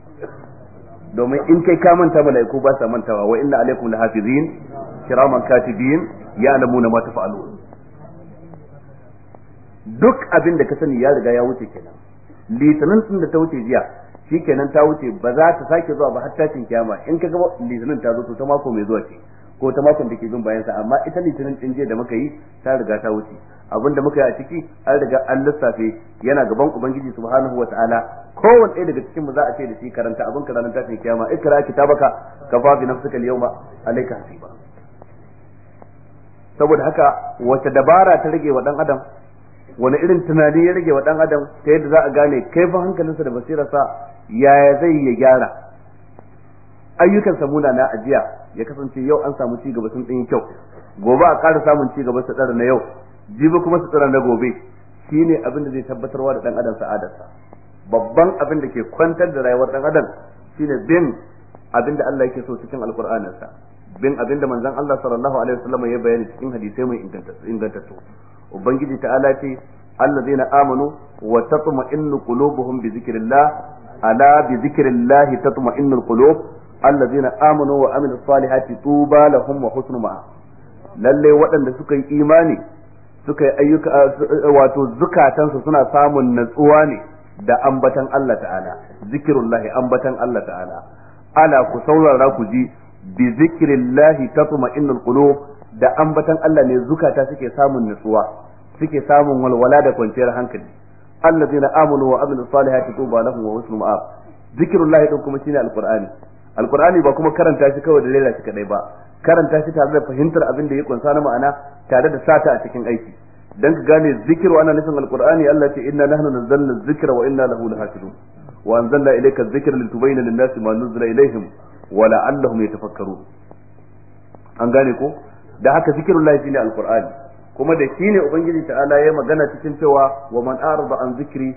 domin in kai ka manta mala'iku ba sa mantawa wa inna alaikum lahafizin kiraman katibin ya'lamuna ma tafa'alun duk abin da ka sani ya riga ya wuce kenan litinin din da ta wuce jiya shi kenan ta wuce ba za ta sake zuwa ba har tashin kiyama in ka ga litinin ta zo to ta mako mai zuwa ce ko ta makon da ke bin bayan sa amma ita litinin din jiya da muka yi ta riga ta wuce abin da muka yi a ciki an riga an lissafe yana gaban ubangiji subhanahu wataala kowanne ɗaya daga cikin mu za a ce da shi karanta abin ka ranar tashin kiyama ikra kitabaka kafa bi nafsika al-yawma alayka hasiba saboda haka wace dabara ta rage wa dan adam wani irin tunani ya rage wa dan adam ta yadda za a gane kai fa hankalinsa da basirarsa yaya zai ya gyara ayyukan samuna na ajiya ya kasance yau an samu cigaba sun ɗin kyau gobe a ƙara samun cigaba su tsara na yau jibi kuma su tsara na gobe shine abin da zai tabbatarwa da dan adam sa'adarsa babban abin da ke kwantar da rayuwar dan adam shine bin abin da Allah yake so cikin alƙur'aninsa bin da manzon Allah sallallahu alaihi wasallam ya bayani cikin hadisai mai ingantattu ubangiji ta'ala ce allazina amanu wa tatma'innu qulubuhum bi zikrillah ala bi zikrillah tatma'innul qulub allazina amanu wa amilus salihati tuba lahum wa husnu ma'a lalle waɗanda suka yi imani suka yi ayyuka wato zukatansu suna samun natsuwa ne da ambatan Allah ta'ala zikirullahi ambatan Allah ta'ala ala ku saurara ku ji bi zikrillahi tatma'innul qulub da ambatan Allah ne zukata suke samun nutsuwa suke samun walwala da kwanciyar hankali allazina amanu wa amilus salihati tuba lahum wa husnul ma'ab zikrullahi din kuma shine alqur'ani alqur'ani ba kuma karanta shi kawai da laila shi kadai ba karanta shi tare da fahimtar abin da ya kunsa na ma'ana tare da sata a cikin aiki dan ka gane zikiru ana nufin alqur'ani Allah ce inna nahnu nazzalna dhikra wa inna lahu lahafizun wa anzalna ilayka dhikra litubayyana lin-nasi ma nuzila ilayhim wala allahum yatafakkaru an gane ko da haka zikirullahi shine alqur'ani kuma da shine ubangiji ta ala ya magana cikin cewa wa man arada an zikri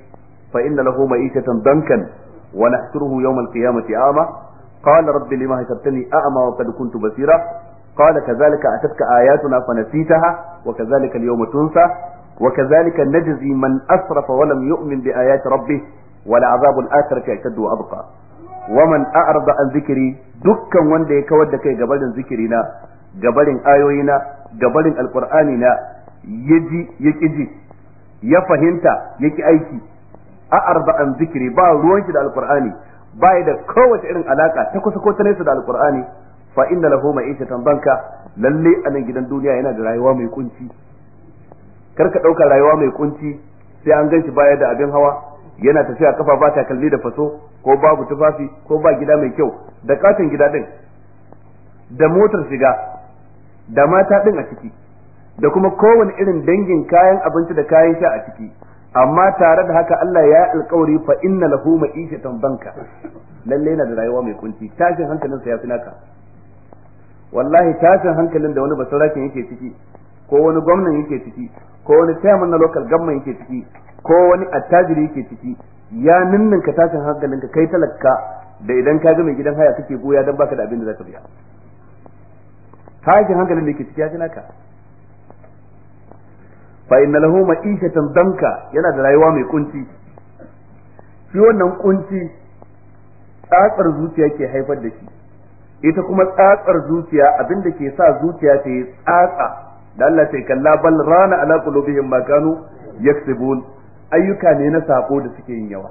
fa inna lahu ma'isatan dankan wa nahsuruhu yawm alqiyamati ama qala rabbi lima hasabtani a'ma wa qad kuntu basira qala kadhalika atatka ayatuna fa nasitaha wa kadhalika al-yawma tunsa wa kadhalika najzi man asrafa wa lam yu'min bi ayati rabbih ولعذاب ashaddu wa abqa Waman a'rada an zikiri dukkan wanda ya kawar da kai gabarin zikiri na gabarin ayoyi na gabarin alqur'ani na yaji ya kiji ya fahimta yaki aiki a'rada an zikiri ba ruwan shi da alqur'ani ba da kowace irin alaka ta kusa ko ta nesa da alqur'ani fa inna lahu ma'ishatan banka lalle a nan gidan duniya yana da rayuwa mai kunci kar ka ɗauka rayuwa mai kunci sai an ganshi baya da abin hawa yana tafiya kafa ba takalmi da faso ko babu tufafi ko ba gida mai kyau da katin gida din da motar shiga da mata din a ciki da kuma kowane irin dangin kayan abinci da kayan sha a ciki amma tare da haka Allah ya alkawari fa inna lahu ma'ishatan banka lalle yana da rayuwa mai kunci tashin hankalin sa ya fi naka wallahi tashin hankalin da wani basarakin yake ciki ko wani gwamnan yake ciki ko wani chairman na local government yake ciki ko wani attajiri yake ciki ya ninninka tashin hankalinka kai talaka da idan ka ga mai gidan haya kake goya dan baka da abin da zaka biya tashin hankalin da yake ciki ya ji naka fa inna lahu ma'ishatan danka yana da rayuwa mai kunci shi wannan kunci tsatsar zuciya ke haifar da shi ita kuma tsatsar zuciya abin da ke sa zuciya ta yi tsatsa da Allah sai kalla bal rana ala qulubihim ma kanu yaksubun ayyuka ne na sako da suke yin yawa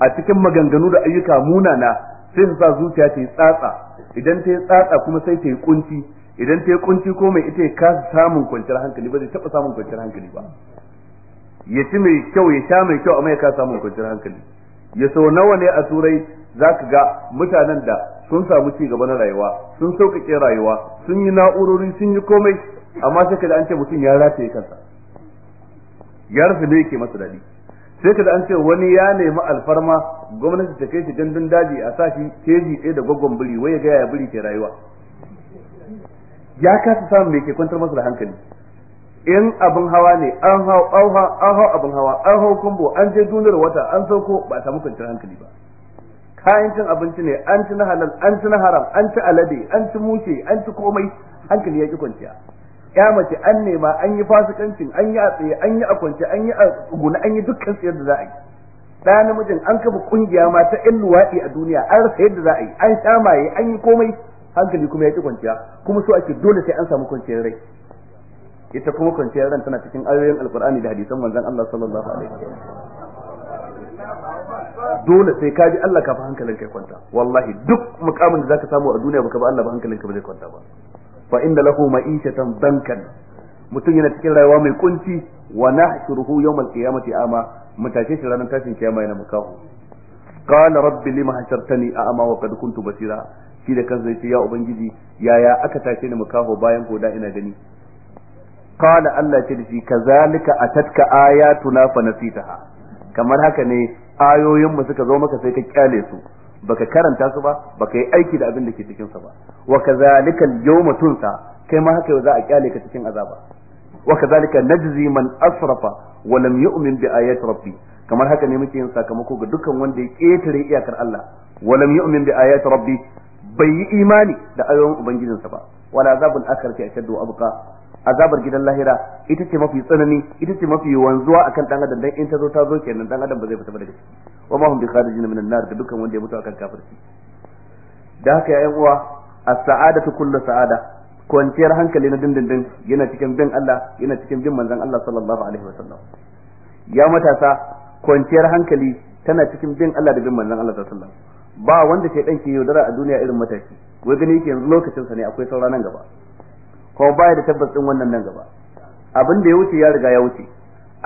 a cikin maganganu da ayyuka munana sai su sa zuciya ta yi tsatsa idan ta yi tsatsa kuma sai ta yi kunci idan ta yi kunci ko mai ita ya kasa samun kwanciyar hankali ba zai taɓa samun kwanciyar hankali ba ya ci mai kyau ya sha mai kyau amma ya kasa samun kwanciyar hankali ya sau nawa ne a turai za ka ga mutanen da sun samu ci gaba na rayuwa sun sauƙaƙe rayuwa sun yi na'urori sun yi komai amma sai ka an ce mutum ya rataye kansa ya rasa ne yake masa daɗi sai ka an ce wani ya nemi alfarma gwamnati ta kai shi dandan daji a sa shi keji ɗaya da gwaggon biri wai ya ga 'ya biri ke rayuwa ya kasa samun mai ke kwantar masa da hankali in abin hawa ne an hau an hau abin hawa an hau kumbo an je dunar wata an sauko ba a samu kwanciyar hankali ba kayan cin abinci ne an ci na halal an ci na haram an ci alade an ci mushe an ci komai hankali ya ki kwanciya ya mace an nema an yi fasikancin an yi a tsaye an yi a kwance an yi a tsuguna an yi dukkan sayar da za a yi ɗaya namijin an kafa kungiya ma ta yan luwaɗi a duniya an rasa yadda za a yi an sha maye an yi komai hankali kuma ya ƙi kwanciya kuma so ake dole sai an samu kwanciyar rai ita kuma kwanciyar ran tana cikin ayoyin alkur'ani da hadisan manzon Allah sallallahu alaihi wasallam dole sai ka ji Allah ka fi hankalin kai kwanta wallahi duk mukamin da zaka samu a duniya baka ba Allah ba hankalin ka ba zai kwanta ba fa inda lahu ma'ishatan dankan mutum yana cikin rayuwa mai kunci wa nahshuruhu yawmal qiyamati ama mutace shi ranar tashin kiyama yana makahu qala rabbi lima hashartani ama wa qad kuntu basira shi da kansa yace ya ubangiji yaya aka tashe ni makahu bayan koda ina gani qala allah ce da shi kazalika atatka ayatuna fa nasitaha kamar haka ne ayoyin mu suka zo maka sai ka kyale su baka karanta su ba baka yi aiki da abin da ke cikin sa ba wa kazalika al-yawma tunsa kai ma haka za a kyale ka cikin azaba wa kazalika najzi man asrafa wa lam yu'min bi ayati rabbi kamar haka ne muke yin sakamako ga dukkan wanda ya ketare iyakar Allah wa lam yu'min bi ayati rabbi bai yi imani da ayoyin ubangijinsa ba wala azabul akhirati ashaddu abqa azabar gidan lahira ita ce mafi tsanani ita ce mafi wanzuwa akan dan adam dan in ta zo ta zo kenan dan adam ba zai fita daga ciki wa ma hum bi kharijin an nar da dukkan wanda ya mutu akan kafirci da haka yayin uwa as-sa'adatu kullu sa'ada kwanciyar hankali na dindindin yana cikin bin Allah yana cikin bin manzon Allah sallallahu alaihi wasallam ya matasa kwanciyar hankali tana cikin bin Allah da bin manzon Allah sallallahu alaihi wasallam ba wanda ke dan yaudara a duniya irin matashi wai gani yake yanzu lokacin sa ne akwai saura nan gaba ko baya da tabbas din wannan nan gaba abin da ya wuce ya riga ya wuce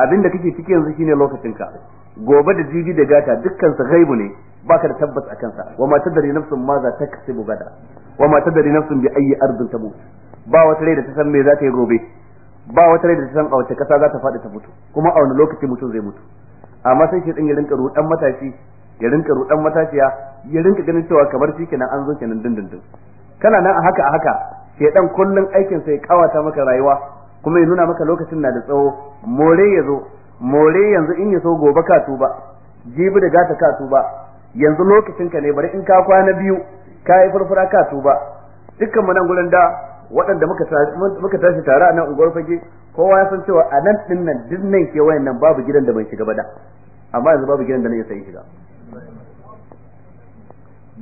abin da kake ciki yanzu shine lokacinka gobe da jibi da gata dukkan sa gaibu ne baka da tabbas akan sa wa ma tadri nafsun ma za ta kasibu gada wa ma tadri nafsun bi ayi ardin tabu ba wata rai da ta san me za ta yi gobe ba wata rai da ta san a wace kasa za ta faɗi ta mutu kuma a wani lokaci mutum zai mutu amma sai shi din ya rinka rudan matashi ya rinka rudan matashiya ya rinka ganin cewa kamar shi kenan an zo kenan dindindin kana nan a haka a haka dan kullun aikin sa ya kawata maka rayuwa kuma ya nuna maka lokacin na da tsawo more ya zo more yanzu in ya so gobe ka tuba jibi da gata ka tuba yanzu lokacin ka ne bari in ka kwana biyu ka yi furfura ka tuba dukkan mu nan gurin da waɗanda muka tashi tare a nan unguwar fage kowa ya san cewa a nan ɗin nan duk nan kewayen nan babu gidan da bai shiga ba da amma yanzu babu gidan da na ya sayi shiga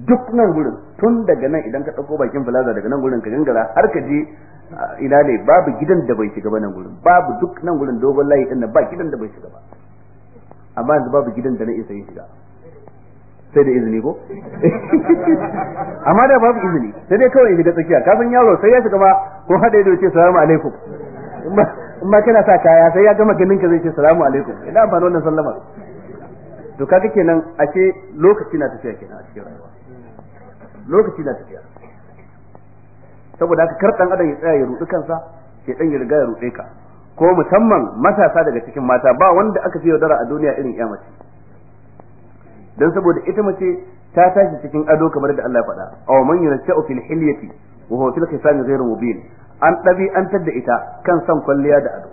duk nan gurin tun daga nan idan ka ɗauko bakin plaza daga nan gurin ka gangara har ka je ina ne babu gidan da bai shiga ba nan gurin babu duk nan gurin dogon layi din ba gidan da bai shiga ba amma yanzu babu gidan da na isa yin shiga sai da izini ko (laughs) amma da babu izini sai dai kawai shiga tsakiya kafin yaro sai ya shiga ba ko hada ido ce salamu alaikum in ma kana sa kaya sai ya gama ganin ka zai ce salamu alaikum ina amfani wannan sallama to kaga kenan ashe lokaci na tafiya kenan a cikin rayuwa lokaci na tafiya saboda haka kar dan adam ya tsaya ya rudu kansa sai dan ya riga ya rude ka ko musamman matasa daga cikin mata ba wanda aka fi yaudara a duniya irin iya mace dan saboda ita mace ta tashi cikin ado kamar da Allah ya faɗa aw man yunsha'u fil hilyati wa huwa fil khisami ghayru mubin an dabi an tadda ita kan san kwalliya da ado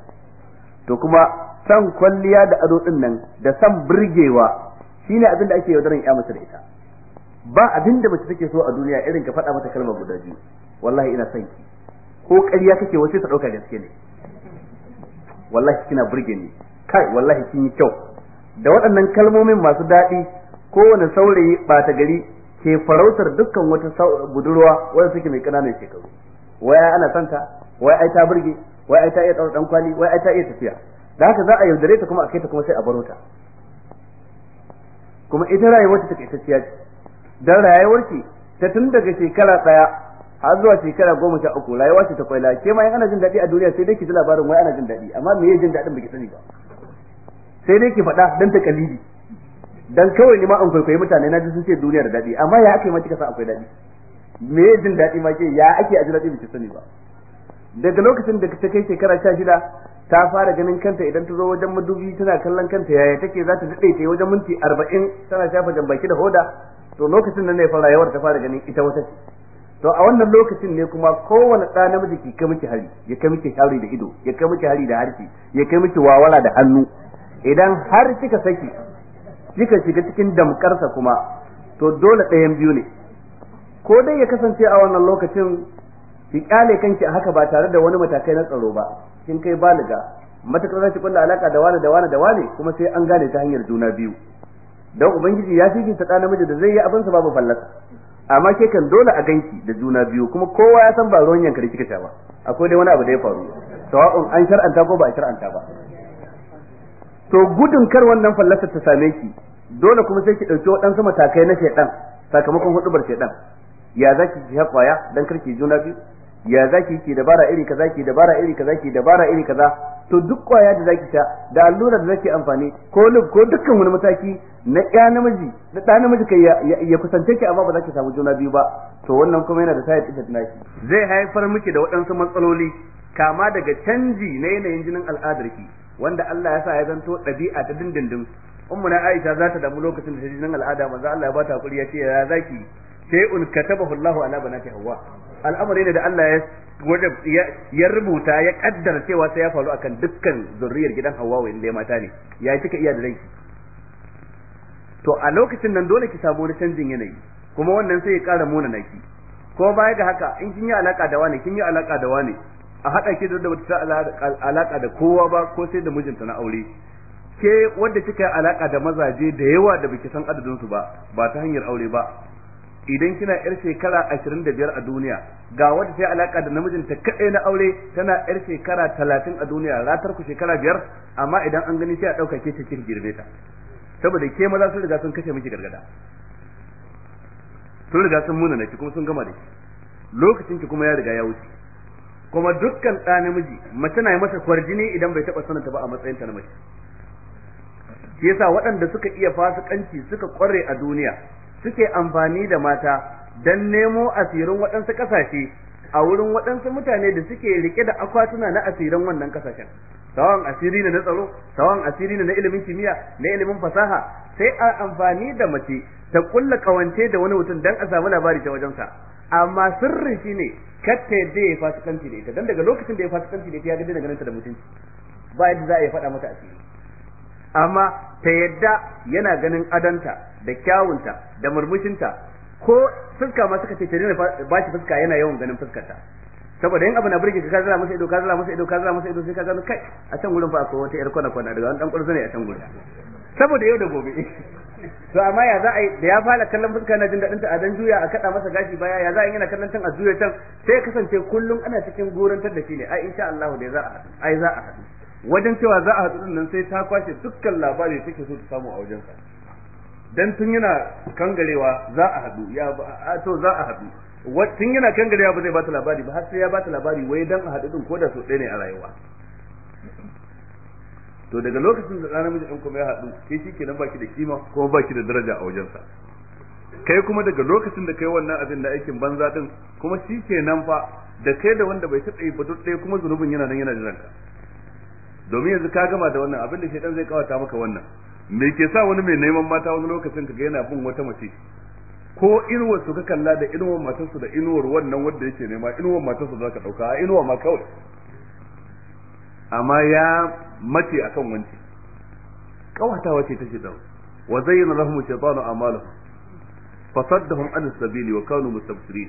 to kuma san kwalliya da ado din nan da san burgewa shine abin da ake yaudaran iya mace da ita ba abin da mace take so a duniya irin ka faɗa mata kalmar guda biyu wallahi ina son ki ko ƙarya kake wace ta ɗauka gaske ne wallahi kina burge ni kai wallahi kin yi kyau da waɗannan kalmomin masu daɗi kowane saurayi ɓata gari ke farautar dukkan wata budurwa wanda suke mai ƙananan shekaru wai ai ana santa wai ai ta burge wai ai ta iya tsaro dan kwali wai ai ta iya tafiya da haka za a yaudare ta kuma a kai ta kuma sai a baro ta kuma ita rayuwar ta take ce dan ki ta tun daga shekara daya har zuwa shekara goma sha uku rayuwa ta kwaila ke ma ana jin daɗi a duniya sai dai ki ji labarin wai ana jin daɗi amma me ya jin daɗin baki sani ba sai dai ki faɗa dan ta kalibi dan kawai ni ma an kwaikwayi mutane na ji sun ce duniya da daɗi amma ya ake ma kika sa akwai daɗi me ya jin daɗi ma ke ya ake a ji daɗi baki sani ba daga lokacin da ta kai shekara sha shida ta fara ganin kanta idan ta zo wajen madubi tana kallon kanta yaya take za ta daɗe ta yi wajen minti arba'in tana shafa jambaki da hoda to lokacin nan ne fa rayuwar ta fara ganin ita wata ce to a wannan lokacin ne kuma kowane ɗa namiji ke kai miki hari ya kai miki hari da ido ya kai miki hari da harshe ya kai miki wawala da hannu idan har kika saki kika shiga cikin damkarsa kuma to dole ɗayan biyu ne ko dai ya kasance a wannan lokacin ki kyale kanki a haka ba tare da wani matakai na tsaro ba kin kai baliga matakar zai ki kulla alaka da wani da wani da wani kuma sai an gane ta hanyar juna biyu dan ubangiji ya fi kinsa da namiji da zai yi abin sa babu fallasa amma ke kan dole a ganki da juna biyu kuma kowa ya san ba ruwan yanka da kika sha ba akwai dai wani abu da ya faru sawa'un an shar'anta ko ba a shar'anta ba to gudun kar wannan fallasar ta same ki dole kuma sai ki ɗauki waɗansu matakai na shaidan sakamakon hudubar shaidan ya za ki ji haƙwaya dan kar ki juna biyu ya zaki ki dabara iri kaza ki dabara iri kaza ki dabara iri kaza to duk kwaya da zaki ta da allura da zaki amfani ko lub ko dukkan wani mataki na ya namiji da ɗa namiji kai ya kusance ki amma ba za ki samu juna biyu ba to wannan kuma yana da sayar da na shi zai haifar miki da waɗansu matsaloli kama daga canji na yanayin jinin al'adarki wanda Allah ya sa ya zanto ɗabi'a ta dindindin ummu na Aisha za ta damu lokacin da ta jinin al'ada manzo Allah ya ba ta hakuri ya ce ya zaki sai un katabahu Allahu ala banati Hawwa al'amari ne da Allah ya ya rubuta ya kaddara cewa sai ya faru akan dukkan zurriyar gidan Hawwa inda ya mata ne ya kika iya da ranki to a lokacin nan dole ki samu wani canjin yanayi kuma wannan sai ya kara muna naki ko baya ga haka in kin yi alaka da wani kin yi alaka da wani a haɗa ki da wata alaka da kowa ba ko sai da mijinta na aure ke wanda kika yi alaka da mazaje da yawa da biki san adadin su ba ba ta hanyar aure ba idan kina yar shekara 25 a duniya ga wanda sai alaka da namijinta kadai na aure tana yar shekara 30 a duniya ratar ku shekara biyar amma idan an gani sai a dauka ke cikin girbe ta saboda ke maza sun riga sun kashe miki gargada sun riga sun muna ki kuma sun gama da lokacin ki kuma ya riga ya wuce kuma dukkan ɗa namiji mace na yi masa kwarjini idan bai taɓa sananta ba a matsayinta na mace shi yasa waɗanda suka iya fasikanci suka kware a duniya suke amfani da mata don nemo asirin waɗansu ƙasashe a wurin waɗansu mutane da suke rike da akwatuna na asirin wannan ƙasashen sawan asiri ne na tsaro sawan asiri ne na ilimin kimiyya na ilimin fasaha sai a amfani da mace ta kulla kawance da wani mutum don a samu labari ta wajensa amma sirrin shi ne ta yadda ya fasikanci da ita don daga lokacin da ya fasikanci da ita ya ga da ganin da mutunci ba yadda za a yi faɗa mata asiri amma ta yadda yana ganin adanta da kyawunta da murmushinta ko fuska ma suka ce ta dina ba shi fuska yana yawan ganin fuskarta saboda yin abu na burge ka zara masa ido ka zara masa ido ka zara masa ido sai ka gano kai a can gurin fa akwai wata yar kwana kwana daga wani dan kurzo ne a can gurin saboda yau da gobe (laughs) to amma ya za a yi da ya fara kallon fuska na jin dadin ta a dan juya a kaɗa masa gashi baya ya za a yi yana kallon can a juya can sai kasance kullum ana cikin tar da shi ne ai insha Allah da za a ai za a haɗu wajen cewa za a haɗu nan sai ta kwashe dukkan labari take so ta samu a wajensa dan tun yana kangarewa za a hadu ya to za a hadu tun yana kangarewa ba zai bata labari ba har sai ya bata labari wai dan a hadu din ko da so ɗaya ne a rayuwa to daga lokacin da namiji ɗan kuma ya hadu kai shi kenan baki da kima kuma baki da daraja a wajensa kai kuma daga lokacin da kai wannan abin da aikin banza din kuma shi kenan fa da kai da wanda bai taɓa yi ba ɗaya kuma zunubin yana nan yana jiranka domin yanzu ka gama da wannan abin da shi dan zai kawata maka wannan me ke sa wani mai neman mata wani lokacin kaga yana bin wata mace ko inuwar su ka kalla da inuwar matarsa da inuwar wannan wanda yake nema inuwar matarsa za ka dauka inuwar inuwa ma kawai amma ya mace akan wanci kawata wace take da wa zayyana lahum shaytanu a'malahum fasaddahum an sabili wa kanu mustabsirin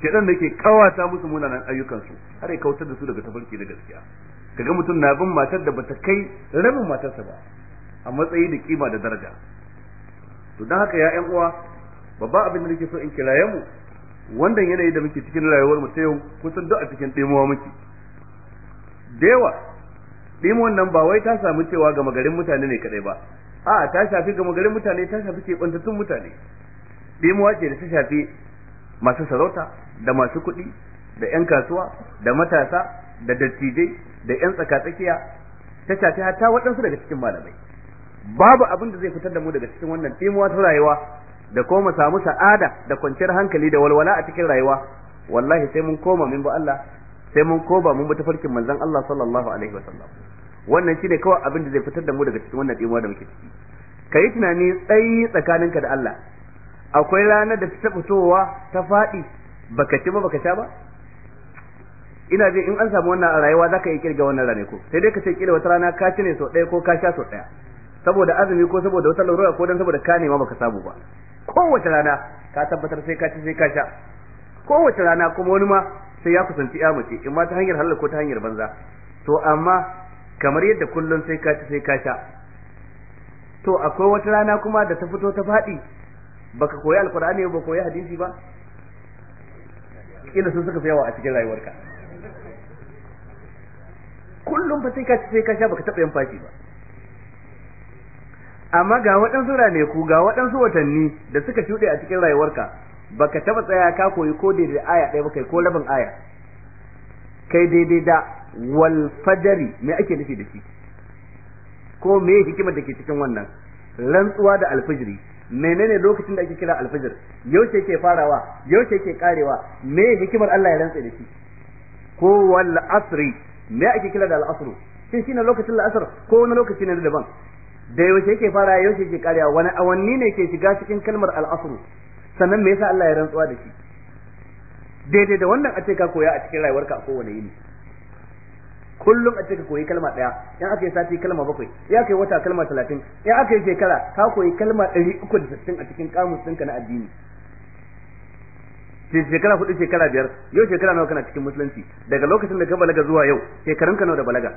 kidan da ke kawata musu munanan ayyukan su har ya kautar da su daga tafarki da gaskiya kaga mutum na bin matar da bata kai rabin matarsa ba a matsayi da kima da daraja to don haka ya yan uwa babba abin da nake so in kiraye mu wannan yanayi da muke cikin rayuwar mu ta yau kusan duk a cikin ɗimuwa muke Dewa, yawa ɗimuwan nan ba wai ta samu cewa gama garin mutane ne kadai ba a ta shafi gama garin mutane ta shafi keɓantattun mutane ɗimuwa ce da ta shafi masu sarauta da masu kuɗi da 'yan kasuwa da matasa da dattijai da 'yan tsakatsakiya ta shafi ta waɗansu daga cikin malamai babu abin da zai fitar da mu daga cikin wannan timuwa ta rayuwa da kuma mu samu sa'ada da kwanciyar hankali da walwala a cikin rayuwa wallahi sai mun koma min ba Allah sai mun koba mun bi tafarkin manzon Allah sallallahu alaihi wasallam wannan shine kawai abin da zai fitar da mu daga cikin wannan timuwa da muke ciki kai tunani tsayi tsakaninka da Allah akwai ranar da ta fitowa ta faɗi baka ci ba baka sha ba ina jin in an samu wannan a rayuwa zaka yi kirga wannan rane ko sai dai ka ce kirga wata rana ka ci ne sau ɗaya ko ka sha sau ɗaya saboda azumi ko saboda wata larura ko dan saboda ka nema baka samu ba kowace rana ka tabbatar sai ka ci sai ka sha kowace rana kuma wani ma sai ya kusanci ya mace in ma ta hanyar halal ko ta hanyar banza to amma kamar yadda kullum sai ka ci sai ka sha to akwai wata rana kuma da ta fito ta faɗi baka koyi alkur'ani ba koyi hadisi ba kila sun suka fi yawa a cikin rayuwarka kullum ba sai ka ci sai ka sha baka taɓa yin fashi ba amma ga waɗansu raneku ga waɗansu watanni da suka shuɗe a cikin rayuwarka baka taɓa tsaya ka koyi ko daidai da aya ɗaya ba kai ko rabin aya kai daidai da wal fajari me ake nufi da shi ko me hikimar da ke cikin wannan rantsuwa da alfijiri menene lokacin da ake kira alfijir yaushe ke farawa yaushe ke karewa me hikimar Allah ya rantsa da shi ko wal asri me ake kira da al asru shin shine lokacin la'asar ko wani lokaci ne daban da yaushe yake fara yaushe yake karya wani awanni ne ke shiga cikin kalmar al'asru sannan me yasa Allah ya rantsuwa da shi daidai da wannan a ce ka koya a cikin rayuwarka a kowane yini kullum a ce ka koyi kalma daya in aka yi sati kalma bakwai in aka yi wata kalma talatin in aka yi shekara ka koyi kalma ɗari uku da sittin a cikin kamus ɗinka na addini shekara hudu shekara biyar yau shekara nawa kana cikin musulunci daga lokacin da ka balaga zuwa yau shekarunka nawa da balaga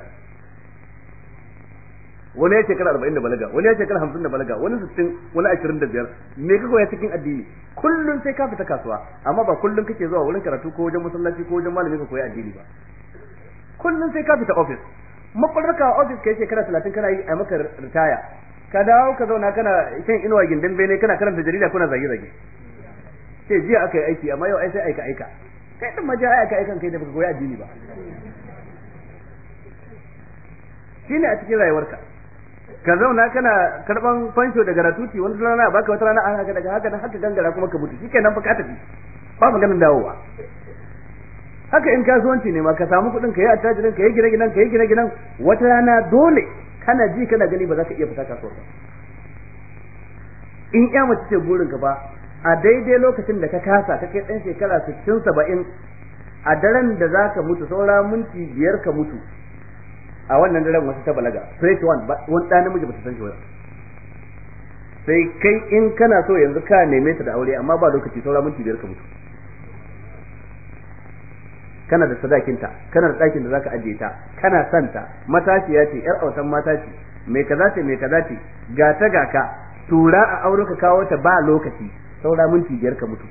wani ya shekara arba'in da balaga wani ya shekara hamsin da balaga wani sittin wani ashirin da biyar me ka koya cikin addini kullum sai ka fita kasuwa amma ba kullum kake zuwa wurin karatu ko wajen masallaci ko wajen malami ka koya addini ba kullum sai ka fita ofis makwarka office ofis kai shekara talatin kana yi a maka ritaya ka dawo ka zauna kana kan inuwa gindin bene kana karanta jarida kuna zage-zage sai jiya aka yi aiki amma yau ai sai aika aika kai din ma jiya aika aikan kai da baka koya addini ba shine a cikin rayuwarka ka zauna kana karban fansho daga ratuti wani rana baka wata rana haka daga haka da haka gangara kuma ka mutu shikenan fa ka tafi ba ganin dawowa haka in kasuwanci ne ma ka samu kuɗin ka yi attajirin ka yi gine ginen ka yi gine ginen wata rana dole kana ji kana gani ba za ka iya fita kasuwa ba in ya mace ce burin ka ba a daidai lokacin da ka kasa ka kai ɗan shekara 60 saba'in a daren da za ka mutu saura minti biyar ka mutu a wannan daren wasu ta balaga straight one wani ɗan namiji ba ta san shi ba sai kai in kana so yanzu ka neme ta da aure amma ba lokaci saura minti biyar ka mutu kana da sadakinta kana da ɗakin da zaka ajiye ta kana santa matashiya ce yar autan mata mai kaza ce mai kaza ce ga ta ga ka tura a aure ka kawo ta ba lokaci saura minti biyar ka mutu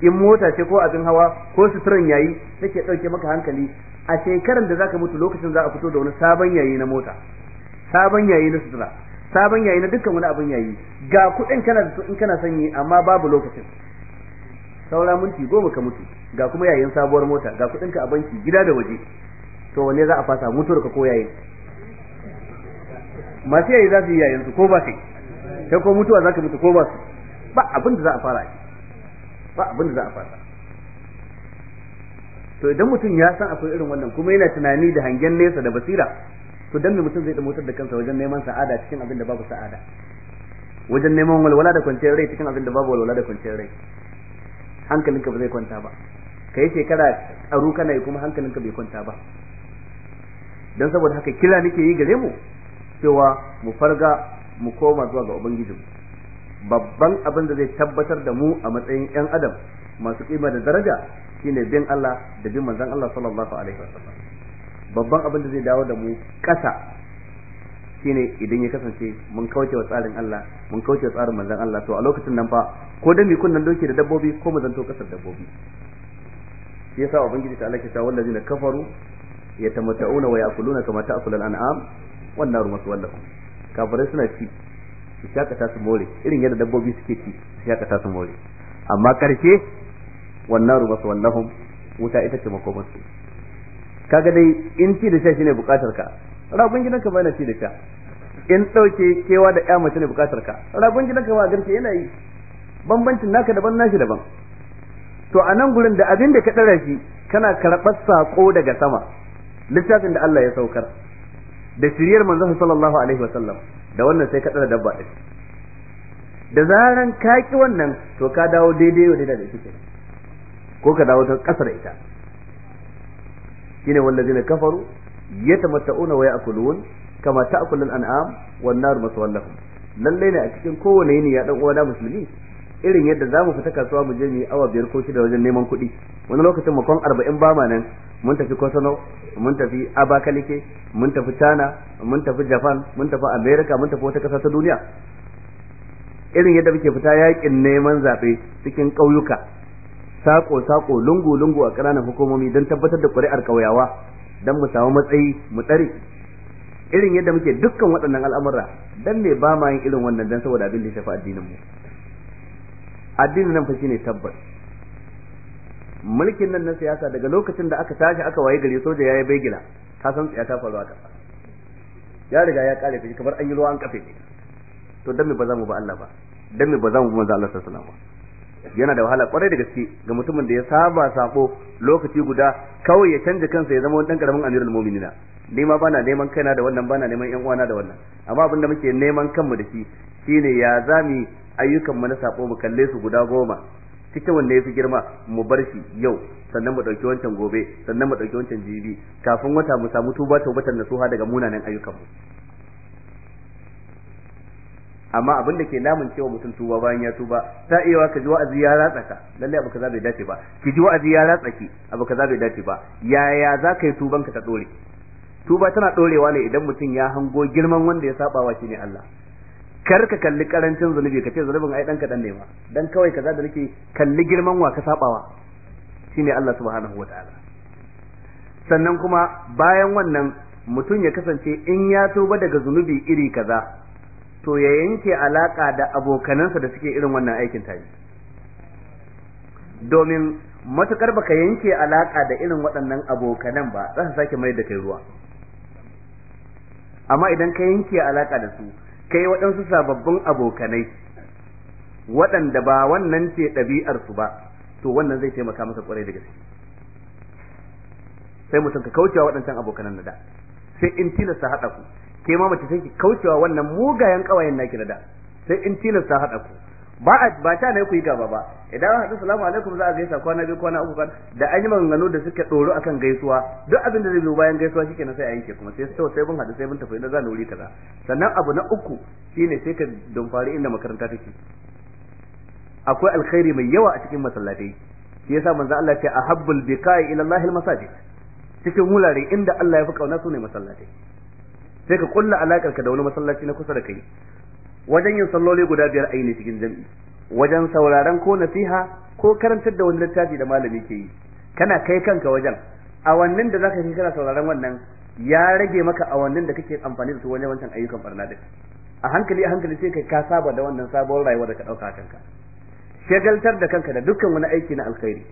in mota ce ko abin hawa ko suturan yayi take dauke maka hankali a shekaran da zaka mutu lokacin za a fito da wani sabon yayi na mota sabon yayi na sutura sabon yayi na dukkan wani abin yayi ga kuɗin kana da su in kana son yi amma babu lokacin saura minti goma ka mutu ga kuma yayin sabuwar mota ga kuɗin ka a banki gida da waje to wanne za a fasa mutuwar ka ko yayi masu yayi za su yi yayin su ko ba kai sai ko mutuwa za ka mutu ko ba su ba abin da za a fara ba abin da za a fara to idan mutum ya san akwai irin wannan kuma yana tunani da hangen nesa da basira to dan me mutum zai mutar da kansa wajen neman sa'ada cikin abin da babu sa'ada wajen neman walwala da kwanciyar rai cikin abin da babu walwala da kwanciyar rai hankalinka ba zai kwanta ba ka yi shekara tsaro kana yi kuma hankalinka bai kwanta ba don saboda haka kira nake yi gare mu cewa mu farga mu koma zuwa ga ubangiji babban abin da zai tabbatar da mu a matsayin yan adam masu kima da daraja shine bin Allah da bin manzon Allah sallallahu alaihi wasallam babban abin da zai dawo da mu kasa shine idan ya kasance mun kauce wa tsarin Allah mun kauce wa tsarin manzon Allah to a lokacin nan fa ko da mi kunnan doki da dabbobi ko mu zanto kasar dabbobi shi yasa ubangiji ta Allah ke ta wallazina kafaru yatamata'una wa ya'kuluna kama ta'kulu al-an'am wan naru maswallakum kafirai suna ci su shakata su more irin yadda dabbobi suke ci su shakata su more amma karshe wannan ruba su wallahum wuta ita ce makomarsu kaga dai in ci da sha shine bukatar ka ragon gidan ba na ci da sha in dauke kewa da ya mace ne bukatar ka ragon ka ba garke yana yi bambancin naka daban nashi daban to a nan gurin da abin da ka dara shi kana karɓar sako daga sama littafin da Allah ya saukar da shiriyar manzo sallallahu alaihi wasallam da wannan sai ka dara dabba din da zaran ka ki wannan to ka dawo daidai wa daidai da kike ko ka dawo ta kasar ita shine na kafaru yatamatta'una wa ya'kulun kama ta'kulul an'am wan nar maswallahum lalle ne a cikin kowane yini ya dan uwana musulmi irin yadda za mu fita kasuwa mu je mu yi awa biyar ko shida wajen neman kuɗi wani lokacin mu kwan arba'in ba ma nan mun tafi kwatano mun tafi abakalike mun tafi Tana mun tafi japan mun tafi america mun tafi wata kasa ta duniya irin yadda muke fita yakin neman zaɓe cikin ƙauyuka sako sako lungu lungu a ƙananan hukumomi don tabbatar da ƙuri'ar ƙauyawa don mu samu matsayi mu tsare irin yadda muke dukkan waɗannan al'amura don me ba ma yin irin wannan don saboda abin da ya shafi addinin mu addinin nan fa shine tabbas mulkin nan na siyasa daga lokacin da aka tashi aka waye gari soja yayi begila ka san tsaya ta faru a ƙasa ya riga ya kare kashi kamar an yi ruwa an kafe ne to don me ba za mu ba Allah ba don me ba za mu ba manzo Allah sallallahu alaihi wasallam yana da wahala kwarai da gaske ga mutumin da ya saba sako lokaci guda kawai ya canja kansa ya zama wani dan karamin amirul mu'minina ni ma bana neman kaina da wannan bana neman yan uwana da wannan amma abin da muke neman kanmu da shi shine ya zami ayyukan mu na sako mu kalle su guda goma cikin wanne yafi girma mu bar shi yau sannan mu dauki wancan gobe sannan mu dauki wancan jibi kafin wata mu samu tuba tubatan nasuha daga munanan ayyukan mu amma abin da ke namun cewa mutum tuba bayan ya tuba ta iya ka ji wa'azi ya ratsa ka lalle abu kaza bai dace ba ki ji wa'azi ya ratsa ki abu kaza bai dace ba yaya za ka yi tuban ka ta dore tuba tana dorewa ne idan mutum ya hango girman wanda ya saba wa shine Allah kar ka kalli karancin zunubi ka ce zunubin ai dan kadan ne ma dan kawai kaza da nake kalli girman wa ka sabawa shine Allah subhanahu wataala sannan kuma bayan wannan mutum ya kasance in ya tuba daga zunubi iri kaza to ya yanke alaƙa da abokanansa da suke irin wannan aikin tare domin matukar baka yanke alaka da irin waɗannan abokanan ba za su sake mai da kai ruwa amma idan ka yanke alaka da su kai waɗansu sababbin abokanai waɗanda ba wannan ce ɗabi'arsu ba to wannan zai taimaka masa kwarai da gaske sai mutum ka kaucewa waɗancan abokanan na da sai in tilasta haɗa ku ke ma mace sai ki kaucewa wannan mugayen kawayen naki na da sai in tilasta hada ku ba ba ta ne ku yi gaba ba idan an haɗu salamu alaikum za a gaisa kwana biyu kwana uku kan da an yi maganganu da suka doro akan gaisuwa duk abin da zai biyo bayan gaisuwa shi kenan sai a yanke kuma sai sai sai bin haɗu sai mun tafi na za wuri kaza sannan abu na uku shine sai ka dunfari inda makaranta take akwai alkhairi mai yawa a cikin masallatai shi yasa manzo Allah ya ce ahabbul biqa'i ila Allahil masajid cikin wurare inda Allah ya fi kauna su ne masallatai sai ka kulla alakar ka da wani masallaci na kusa da kai wajen yin salloli guda biyar aini cikin jami'i wajen sauraron ko nasiha ko karantar da wani littafi da malami ke yi kana kai kanka wajen awannin da zaka kai kana sauraron wannan ya rage maka awannin da kake amfani da su wajen wancan ayyukan barna da a hankali a hankali sai kai ka saba da wannan sabon rayuwa da ka dauka kanka shagaltar da kanka da dukkan wani aiki na alkhairi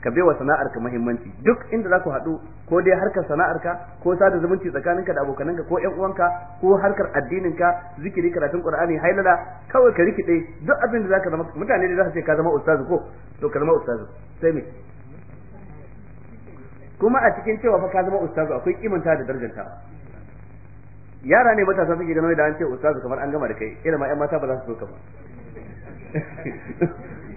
ka baiwa sana'arka muhimmanci duk inda za ku haɗu ko dai harkar sana'arka ko sada zumunci tsakaninka da abokananka ko ƴan uwanka ko harkar addininka zikiri karatun qur'ani hailala kawai ka rikide duk abin da zaka zama mutane da za ce ka zama ustazu ko to ka zama ustazu sai me kuma a cikin cewa fa ka zama ustazu akwai kimanta da darjantawa yara ne matasa suke ganin da an ce ustazu kamar an gama da kai irin ma ƴan mata ba za su so ka ba (laughs)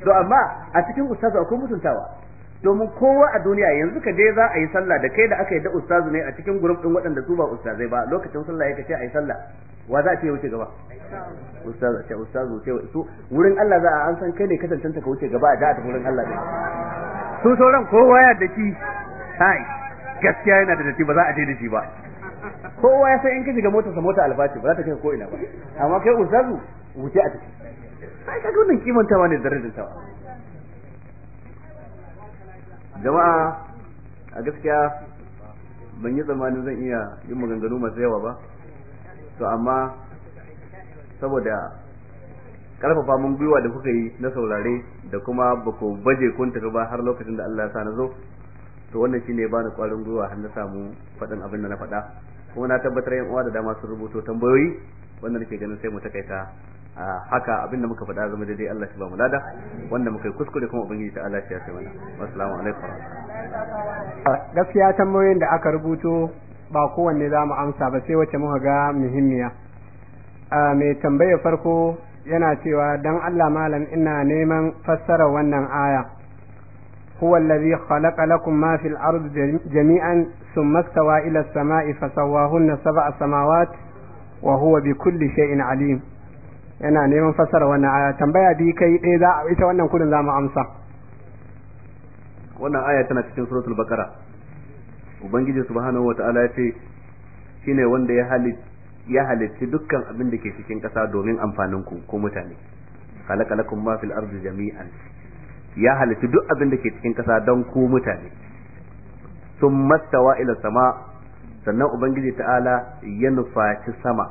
to amma a cikin ustazu akwai mutuntawa domin kowa a duniya yanzu ka je za a yi sallah da kai da aka yi da ustazu ne a cikin gurup din waɗanda su ba ustazai ba lokacin sallah ya ce a yi sallah wa za a ce wuce gaba ustazu ce ustazu ce su wurin Allah za a an san kai ne ka tantance ka wuce gaba a da ta wurin Allah ne su sauran kowa ya da shi hai gaskiya yana da datti ba za a je da shi ba kowa ya san in ka shiga motarsa mota albashi ba za ta kai ko ina ba amma kai ustazu wuce a ciki ai kaga wannan kimanta ne darajar tawa jama'a a gaskiya ban yi tsammanin zan iya yin maganganu masu yawa ba to amma saboda karfafa mun gwiwa da kuka yi na saurare da kuma ba ku baje kun tafi ba har lokacin da Allah ya sa na zo to wannan shine bani kwarin gwiwa har na samu faɗin abin da na faɗa kuma na tabbatar yan uwa da dama sun rubuto tambayoyi wanda nake ganin sai mu takaita haka abinda muka faɗa zama daidai Allah shi ba mu lada wanda muka yi kuskure kuma ubangiji ta Allah shi ya sai wannan assalamu alaikum gaskiya tambayoyin da aka rubuto ba kowanne za mu amsa ba sai wacce muka ga muhimmiya mai tambayar farko yana cewa dan Allah malam ina neman fassara wannan aya هو الذي خلق لكم ma في الأرض jami'an ثم استوى ila السماء فسواهن سبع سماوات wa huwa bi kulli shay'in alim yana neman fassara wannan aya tambaya bi kai dai za ita wannan kudin za mu amsa wannan aya tana cikin suratul baqara ubangiji subhanahu wataala ya ce shine wanda ya halit ya halitti dukkan abin da ke cikin ƙasa domin amfanin ku ko mutane khalaqa lakum ma fil ardi jami'an ya halitti duk abin da ke cikin kasa don ku mutane sun tawa ila sama sannan ubangiji ta'ala ya nufaci sama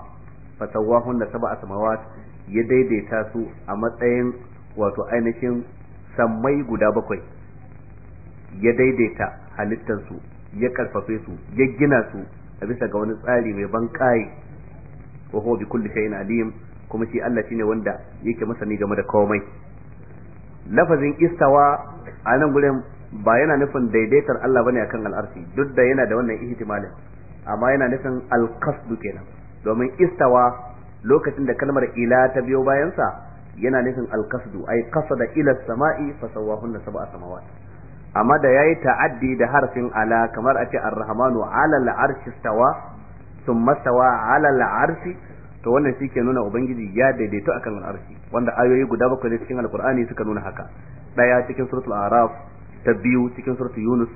fasawahun da saba samawat ya daidaita su a matsayin wato ainihin sammai guda bakwai ya daidaita halittansu ya karfafe su ya gina su a bisa ga wani tsari mai ban kai wa huwa bi kulli shay'in alim kuma shi Allah shine wanda yake masani game da komai lafazin istawa a nan gurin ba yana nufin daidaitar Allah bane akan al'arshi duk da yana da wannan ihtimalin amma yana nufin alqasdu kenan domin istawa lokacin da kalmar ila ta biyo bayansa yana nufin alqasdu ay qasada ila samai fasawahunna sab'a samawat amma da yayi ta'addi da harfin ala kamar a ce arrahmanu rahmanu 'ala al-'arshi istawa thumma istawa 'ala al-'arshi to wannan shi ke nuna ubangiji ya daidaito akan al'arshi wanda ayoyi guda bakwai ne cikin alqur'ani suka nuna haka daya cikin suratul araf ta biyu cikin suratul yunus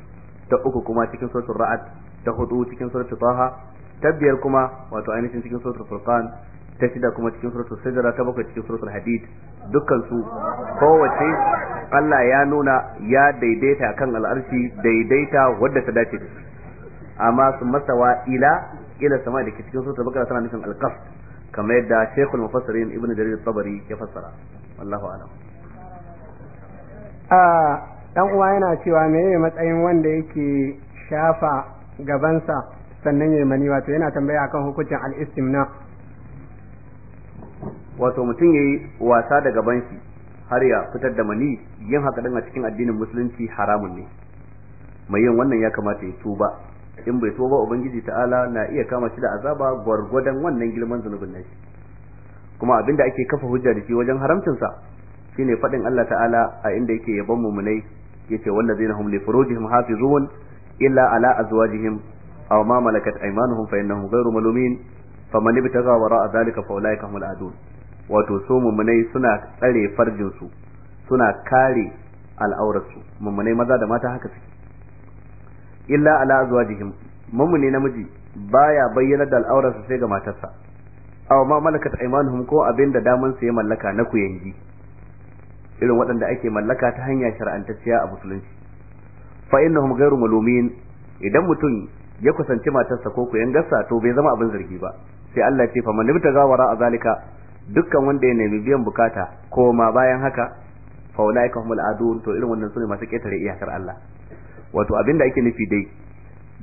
ta uku kuma cikin suratul ra'ad ta hudu cikin suratul taha ta biyar kuma wato ainihin cikin suratul furqan ta shida kuma cikin suratul sajdah ta bakwai cikin suratul hadid dukkan su kowace Allah ya nuna ya daidaita kan al'arshi daidaita wadda ta dace da amma su masawa ila ila sama da cikin suratul bakara tana nufin al qaf kamar yadda Sheikhul Mufassirin Ibn Jarir Tabari ya fassara wallahu a'lam ah, dan uwa yana cewa meye matsayin wanda yake shafa gabansa sannan ya mani wato yana tambaya akan hukuncin al-istimna wato mutum yayi wasa da gaban shi har ya fitar da mani yin haka din a cikin addinin musulunci haramun ne mai yin wannan ya kamata ya tuba in bai tuba ubangiji ta'ala na iya kama shi da azaba gwargwadon wannan girman zanubin nashi kuma abinda ake kafa hujja da shi wajen haramcinsa shine faɗin Allah ta'ala a inda yake yaban mumunai yace wallazina hum li furujihim hafizun illa ala azwajihim aw ma malakat aymanuhum fa innahum ghayru malumin faman ibtaga wara'a dhalika fa ulaika humul adun wato so mummunai suna tsare farjin su suna kare al'aurarsu mummunai maza da mata haka suke illa ala azwajihim mummune namiji baya bayyana da al'aurarsa sai ga matarsa aw ma malakat aymanuhum ko abin da daman su ya mallaka na kuyangi irin waɗanda ake mallaka ta hanya shar'antacciya a musulunci fa innahum ghayru malumin idan mutum ya kusanci matarsa ko kuyan gassa to bai zama abin zargi ba sai Allah ce fa man ibtaga wara azalika. zalika dukkan wanda ya nemi biyan bukata ko ma bayan haka fa ulaika humul adun to irin wannan sune masu ketare iyakar Allah wato abinda ake nufi dai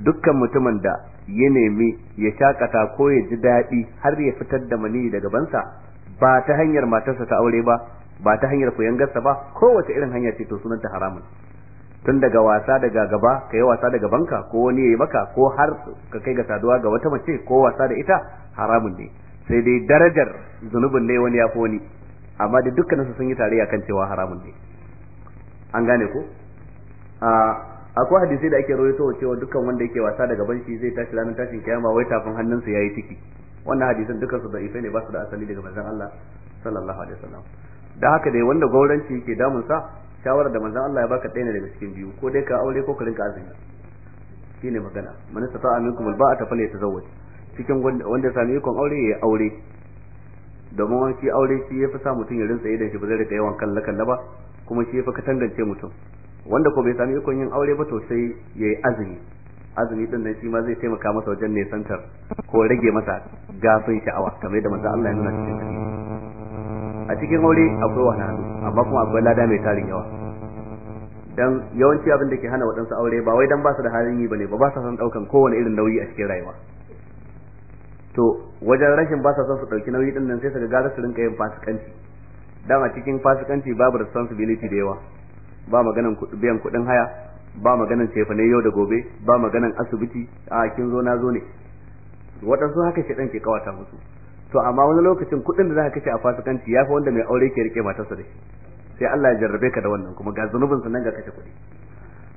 dukkan mutumin da ya nemi ya shakata ko ya ji daɗi har ya fitar da mani daga bansa ba ta hanyar matarsa ta aure ba ba ta hanyar koyan gasa ba kowace irin hanya ce to sunanta haramun tun daga wasa daga gaba ka yi wasa daga banka ko wani ya yi maka ko har ka kai ga saduwa ga wata mace ko wasa da ita haramun ne sai dai darajar zunubin ne wani ya fi wani amma da su sun yi tarayya kan cewa haramun ne an gane ko akwai hadisi da ake rawaito cewa dukkan wanda yake wasa daga banki zai tashi ranar tashin kiyama wai tafin hannunsa yayi ciki wannan hadisan dukkan su da da'ifai ne ba su da asali daga manzon Allah sallallahu alaihi wasallam da haka dai wanda gauranci yake damun sa shawara da manzon Allah ya baka ɗaya ne daga cikin biyu ko dai ka aure ko ka rinka azumi shine magana man istata'a minkum alba'ata falyatazawwaj cikin wanda sami ikon aure ya aure domin wani shi aure shi ya fi sa mutum ya rinsa idan shi ba zai rika yawan kalla kalla ba kuma shi ya fi katangance mutum wanda ko bai sami ikon yin aure ba to sai ya yi azumi azumi din nan shi ma zai taimaka masa wajen nesantar ko rage masa gafin sha'awa kamar yadda manzo Allah ya nuna cikin hadisi a cikin aure akwai hannu amma kuma akwai lada mai tarin yawa dan yawanci abin da ke hana waɗansu aure ba wai dan ba su da halin yi bane ba ba sa son daukan kowane irin nauyi a cikin rayuwa to wajen rashin ba sa son su dauki nauyi din nan sai su ga su rinka yin fasikanci dan a cikin fasikanci babu responsibility da yawa ba maganan biyan kuɗin haya ba maganan cefane yau da gobe ba maganan asibiti a kin zo na zo ne waɗansu haka shi ke kawata musu to amma wani lokacin kuɗin da zaka kashe a fasikanci yafi wanda mai aure ke rike matarsa da shi sai Allah ya jarrabe ka da wannan kuma ga zanubin sannan ga kashe kuɗi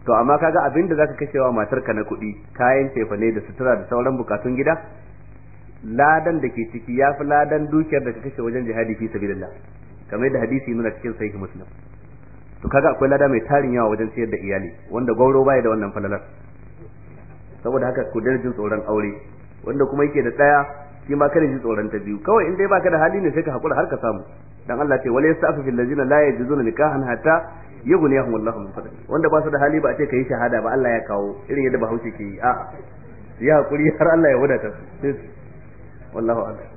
to amma kaga abin da zaka kashe wa matarka na kuɗi kayan tefa ne da sutura da sauran bukatun gida ladan da ke ciki yafi ladan dukiyar da ka kashe wajen jihadi fi sabilillah kamar da hadisi nuna cikin sahihi muslim to kaga akwai lada mai tarin yawa wajen ciyar da iyali wanda gauro baya da wannan falalar saboda haka ku jin tsoron aure wanda kuma yake da tsaya shi ma kada shi tsoron ta biyu kawai in dai baka da hali ne sai ka hakura har ka samu dan Allah ce wala yasta'fifil ladina la yajizuna nikahan hatta yughniyahum Allahu min fadli wanda ba su da hali ba a ce kai shahada ba Allah ya kawo irin yadda Bahaushe ke yi a'a ya hakuri har Allah ya wadata wallahu a'lam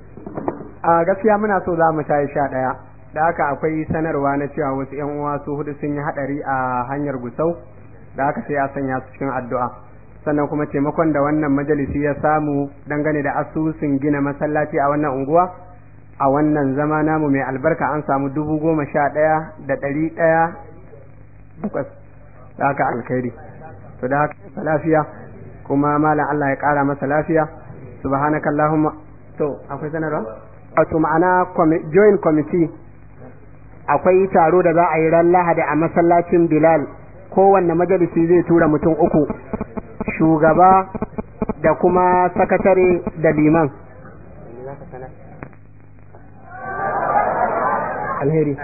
a gaskiya muna so za mu tayi sha daya da haka akwai sanarwa na cewa wasu yan uwa su hudu sun yi hadari a hanyar gusau da haka sai ya sanya su cikin addu'a sannan kuma taimakon da wannan majalisi ya samu dangane da asusun gina masallaci a wannan unguwa a wannan zama namu mai albarka an samu dubu goma sha ɗaya da ɗari ɗaya takwas da haka alkhairi to da haka lafiya kuma malam Allah ya ƙara masa lafiya subhanakallahumma to akwai sanarwa wato ma'ana join committee akwai taro da za a yi ran lahadi a masallacin bilal kowanne majalisi zai tura mutum uku shugaba da kuma sakatare da liman alheri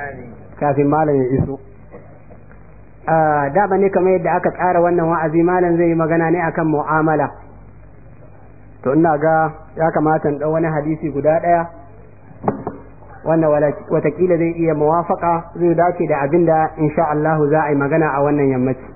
kafin malam ya iso dama ne kamar yadda aka tsara wannan wa'azi malam zai yi magana ne akan mu'amala to ina ga ya kamata ɗan wani hadisi guda ɗaya wanda watakila zai iya muwafaka zai dace da abinda da insha Allah za a yi magana a wannan yammaci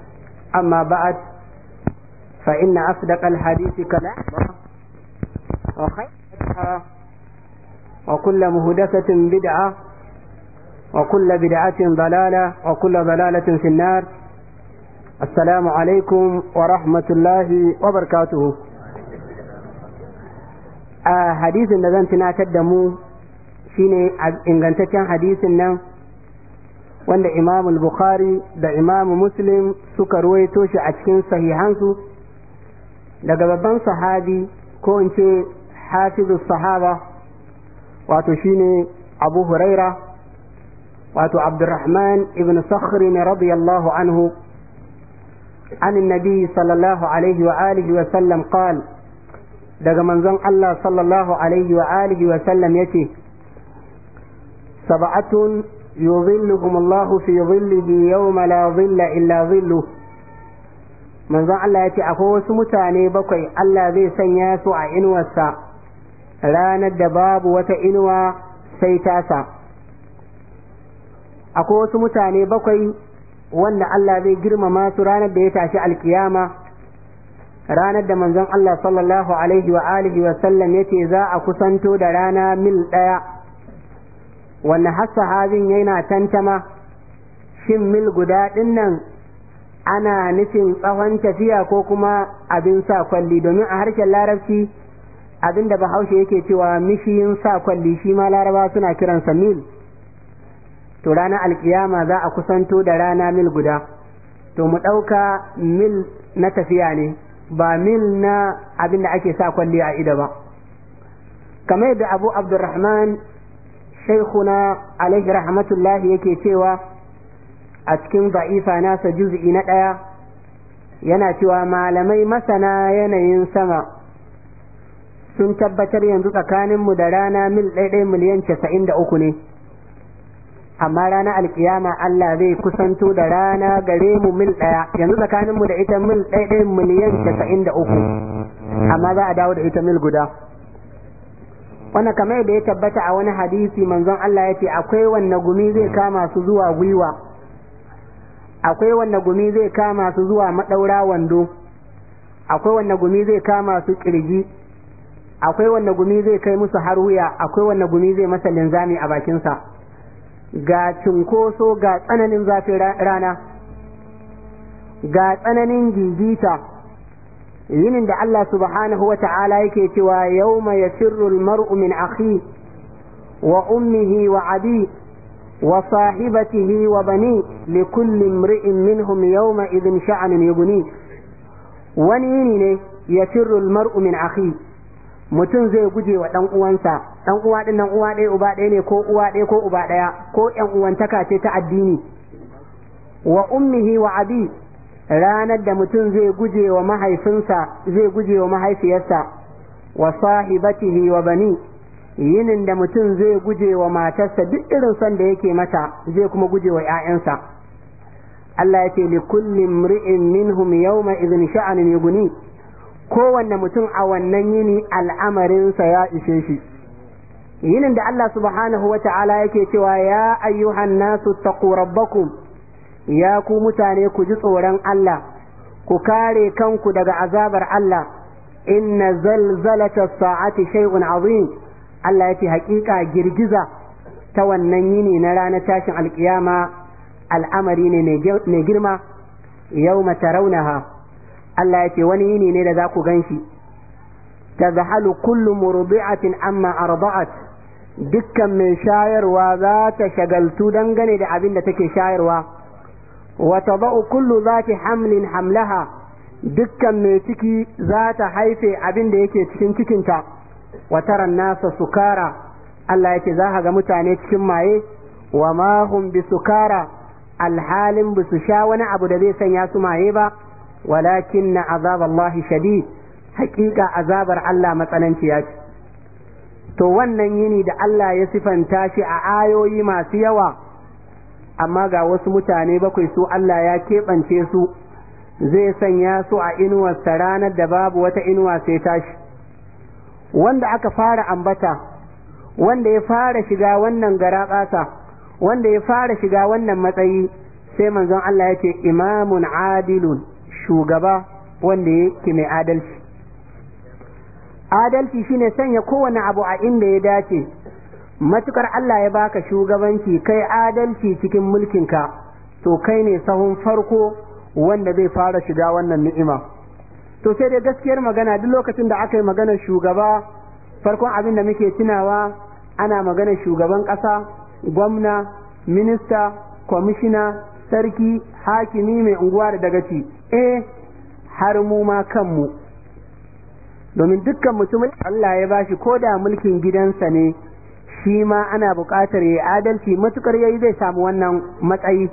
أما بعد فإن أصدق الحديث كلام وخير وكل مهدسة بدعة وكل بدعة ضلالة وكل ضلالة في النار السلام عليكم ورحمة الله وبركاته آه حديث النبي تنا تدمو شيني إنغانتكن حديث النبي wanda imam bukhari da imam muslim suka ruwaito shi a cikin sahihansu daga babban sahabi ko in ce hafizu sahaba wato shine abu huraira wato abdurrahman ibn sakhr ne radiyallahu anhu عن النبي صلى الله عليه وآله وسلم قال daga manzon Allah sallallahu alaihi wa alihi wa sallam yace sab'atun يظلكم الله في ظله يوم لا ظل إلا ظله manzon Allah ce akwai wasu mutane bakwai Allah zai sanya su a inuwarsa ranar da babu wata inuwa sai tasa akwai wasu mutane bakwai wanda Allah zai girmama su ranar da ya tashi alkiyama ranar da manzon Allah sallallahu alaihi wa wa sallam ya ce za a kusanto da rana mil ɗaya wanne har sahabin yana tantama shin mil guda dinnan ana nufin tsawon tafiya ko kuma abin sa kwalli domin a harshen larabci abin da bahaushe yake cewa mishiyin sa kwalli shi ma laraba suna kiransa mil to ranar alkiyama za a kusanto da rana mil guda to mu ɗauka mil na tafiya ne ba mil na abin da ake sa kwalli a ido ba kamar yadda abu abdurrahman شيخنا عليه rahmatullahi yake cewa a cikin ضعيفة ناس juz'i na ɗaya yana cewa malamai masana yanayin sama sun tabbatar yanzu tsakaninmu da rana mil ɗaiɗai miliyan casa'in da uku ne amma rana alkiyama Allah zai kusanto da rana gare mu mil ɗaya yanzu tsakaninmu da ita mil ɗaiɗai miliyan casa'in da uku amma za a dawo da ita mil guda wannan kamar da ya tabbata a wani hadisi manzon Allah ya ce akwai wanne gumi zai kama su zuwa gwiwa akwai wanne gumi zai kama su zuwa madaura wando akwai wanne gumi zai kama su ƙirji, akwai wanne gumi zai kai musu har wuya akwai wanne gumi zai masa linzami a bakinsa ga cunkoso ga tsananin zafin rana ga tsananin gigita yinin da Allah subhanahu wa ta'ala yake cewa yawma yafirru al-mar'u min akhi wa ummihi wa abi wa sahibatihi wa bani li kulli imri'in minhum yawma idhin sha'anun yughni wani yini ne ya al-mar'u min akhi mutum zai guje wa dan uwansa dan uwa din nan uwa ɗaya uba ɗaya ne ko uwa ɗaya ko uba ɗaya ko ƴan uwantaka ce ta addini wa ummihi wa abi ranar da mutum zai guje wa mahaifinsa zai guje wa mahaifiyarsa wa sahibatihi wa bani yinin da mutum zai guje wa matarsa duk irin son da yake mata zai kuma guje wa 'ya'yansa Allah ya ce li kulli mri'in minhum yawma idhin sha'anun yughni kowanne mutum a wannan yini al'amarinsa ya ishe shi yinin da Allah subhanahu wa ta'ala yake cewa ya ayyuhan nasu taqu rabbakum ya ku mutane ku ji tsoron Allah ku kare kanku daga azabar Allah inna zalzalata sa'ati shay'un azim Allah yace hakika girgiza ta wannan yini na ranar tashin alkiyama al'amari ne mai girma yawma tarawnaha Allah yace wani yini ne da za ku ganshi tazhalu kullum murdi'atin amma arba'at dukkan mai shayarwa za ta shagaltu dangane da abin da take shayarwa wata ba'u kullu za hamlin hamlaha dukkan mai ciki za ta haife abin da yake cikin cikinta wataran nasa sukara Allah yake za ga mutane cikin maye wa mahum bi sukara alhalin ba su sha wani abu da zai sanya su maye ba walakin na azab Allah shadid hakika azabar Allah matsananciya ce to wannan yini da Allah ya sifanta shi a ayoyi masu yawa amma ga wasu mutane bakwai su Allah ya keɓance su zai sanya su a inuwarsa ranar da babu wata inuwa sai tashi wanda aka fara ambata wanda ya fara shiga wannan garaɓasa wanda ya fara shiga wannan matsayi sai manzon Allah ya ce imamun adilun shugaba wanda yake mai adalci adalci shine sanya kowane abu a inda ya dace matukar Allah ya baka shugabanci kai adalci cikin mulkin ka. to kai ne sahun farko wanda zai fara shiga wannan ni'ima to sai dai gaskiyar magana duk lokacin da aka yi maganar shugaba farkon abin da muke tunawa ana maganar shugaban ƙasa gwamna minista kwamishina sarki hakimi mai unguwa da dagaci eh har mu ma kanmu domin dukkan mutumin Allah ya bashi ko da mulkin gidansa ne shi ma ana buƙatar ya adalci matukar yayi zai samu wannan matsayi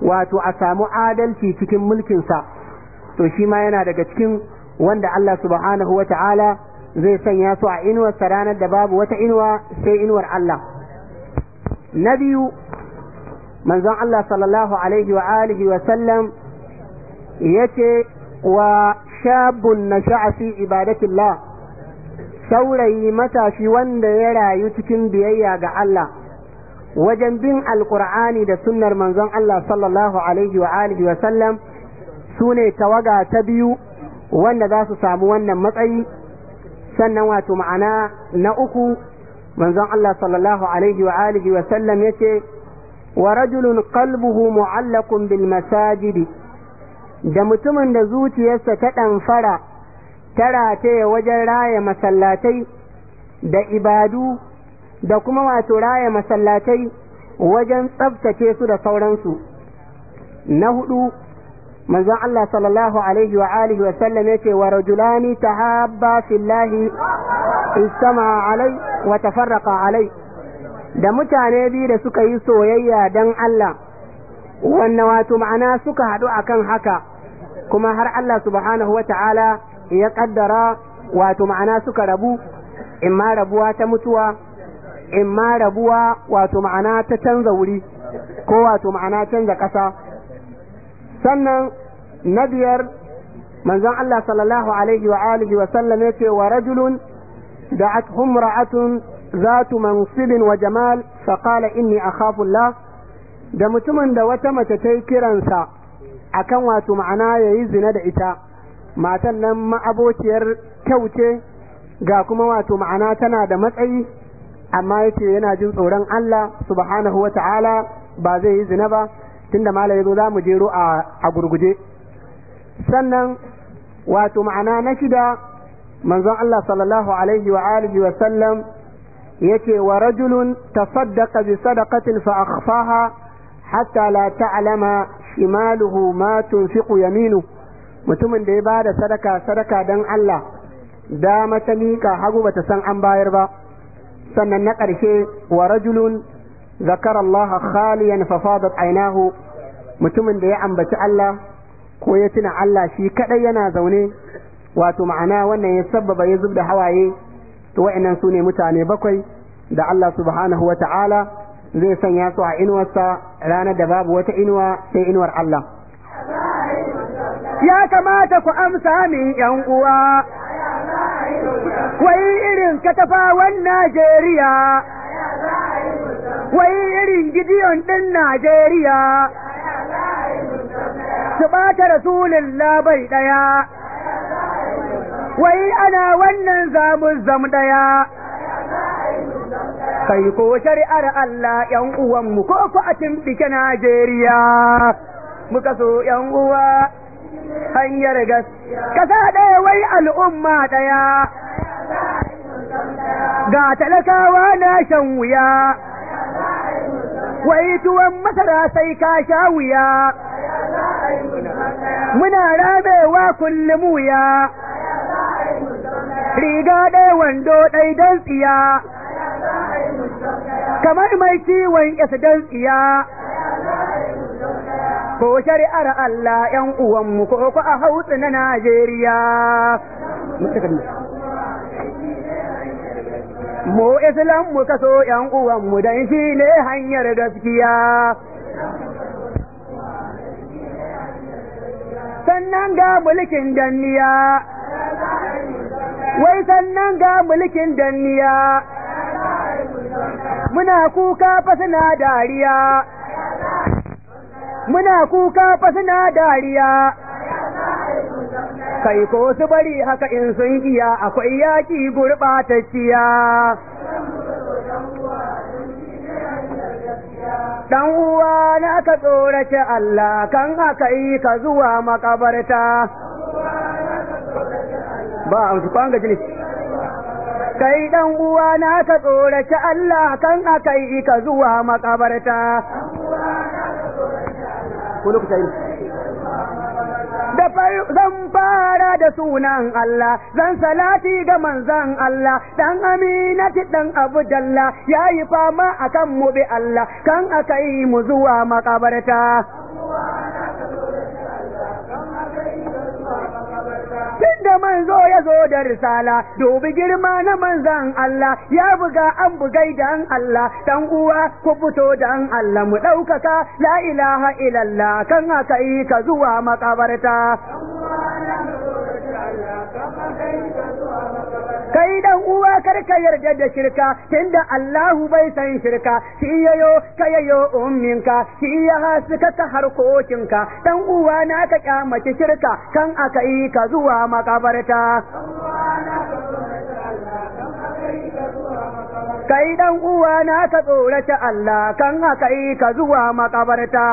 wato a samu adalci cikin mulkinsa to shi ma yana daga cikin wanda Allah subhanahu wata'ala zai sanya su a inuwar ranar da babu wata inuwa sai inuwar Allah na biyu manzon Allah sallallahu alaihi wa alihi wa sallam yace wa shabun nasha'a fi ibadatillah saurayi matashi wanda ya rayu cikin biyayya ga Allah wajen bin alkur'ani da sunnar manzon Allah sallallahu alaihi wa alihi wa sallam su ne tawaga ta biyu wanda za su samu wannan matsayi sannan wato ma'ana na uku manzon Allah sallallahu alaihi wa alihi wa sallam yace wa rajulun qalbuhu mu'allaqun bil masajidi da mutumin da zuciyarsa ta ɗanfara tara ta wajen raya masallatai da ibadu da kuma wato raya masallatai wajen tsabtace su da sauransu na hudu manzon Allah sallallahu alaihi wa alihi wa sallam yace wa rajulani tahabba fillahi istama alai wa tafarraqa alai da mutane biyu da suka yi soyayya dan Allah wanne wato ma'ana suka haɗu akan haka kuma har Allah subhanahu wa ta'ala ya kaddara wato ma'ana suka rabu in ma rabuwa ta mutuwa in ma rabuwa wato ma'ana ta canza wuri ko wato ma'ana canza ƙasa sannan na biyar manzon Allah sallallahu alaihi wa alihi wa sallam yace wa rajulun da'at humra'atun zatu mansibin wa jamal fa qala inni akhafu Allah da mutumin da wata mace ta yi kiransa akan wato ma'ana yayi zina da ita matan nan ma'abociyar kyau ce ga kuma wato ma'ana tana da matsayi amma yace yana jin tsoron Allah subhanahu wa ta'ala ba zai yi zina ba tunda mala yazo za mu jero a gurguje sannan wato ma'ana na shida manzon Allah sallallahu alaihi wa alihi wa sallam yace wa rajulun tasaddaqa bi sadaqatin fa akhfaha hatta la ta'lama shimaluhu ma tunfiqu yaminuhu mutumin da ya ba da sadaka sadaka don Allah da ta miƙa hagu bata san an bayar ba sannan na ƙarshe wa rajulun zakar Allah khaliyan fa fadat ainahu mutumin da ya ambaci Allah ko ya tuna Allah shi kadai yana zaune wato ma'ana wannan ya sabbaba ya zubda hawaye to wa'annan sune mutane bakwai da Allah subhanahu wa ta'ala zai sanya su a inuwarsa ranar da babu wata inuwa sai inuwar Allah ya kamata ku amsa min yan uwa wai irin katafawan Najeriya wai irin gidiyon ɗin Najeriya su ɓata rasulun labai ɗaya wai ana wannan zamun zam ɗaya kai ko shari'ar Allah ‘yan uwanmu ko ku a timɗike Najeriya muka so ‘yan uwa’ hanyar gas kasa ɗaya wai al'umma ɗaya ga talakawa na shan wuya wai tuwon masara sai ka sha wuya muna rabewa kullum wuya riga ɗaya wando ɗai don tsiya kamar mai ciwon ƙasa don tsiya ko shari'ar Allah ‘yan uwanmu ko ko a hautsu na Najeriya. Mu Islam mu kaso ‘yan uwanmu dan shi ne hanyar gaskiya. Sannan ga mulkin danniya, wai sannan ga mulkin danniya, muna kuka fa suna dariya. muna kuka fa suna dariya kai ko su bari haka in sun iya akwai yaki gurɓatacciya Dan uwa na ka tsorace Allah kan haka yi ka zuwa makabarta. Ba a su kwanga jini. Kai dan uwa na ka tsorace Allah kan haka yi ka zuwa makabarta. da zan fara da sunan Allah zan salati ga manzan Allah dan aminati dan ya yayi fama akan mu bi Allah kan akai mu zuwa makabarta ya zo da risala dubi girma na manzan Allah ya buga an bugai an Allah dan uwa ku fito dan Allah mu ɗaukaka la ilaha illallah kan haka ka zuwa makabarta. kai dan uwa kar ka yarda da shirka tunda Allahu bai san shirka shi yayo kayayo umminka shi ya haska ta harkokinka dan uwa na ka ƙyamaci shirka kan aka yi ka zuwa makabarta kai dan uwa na ka tsorata Allah kan aka yi ka zuwa makabarta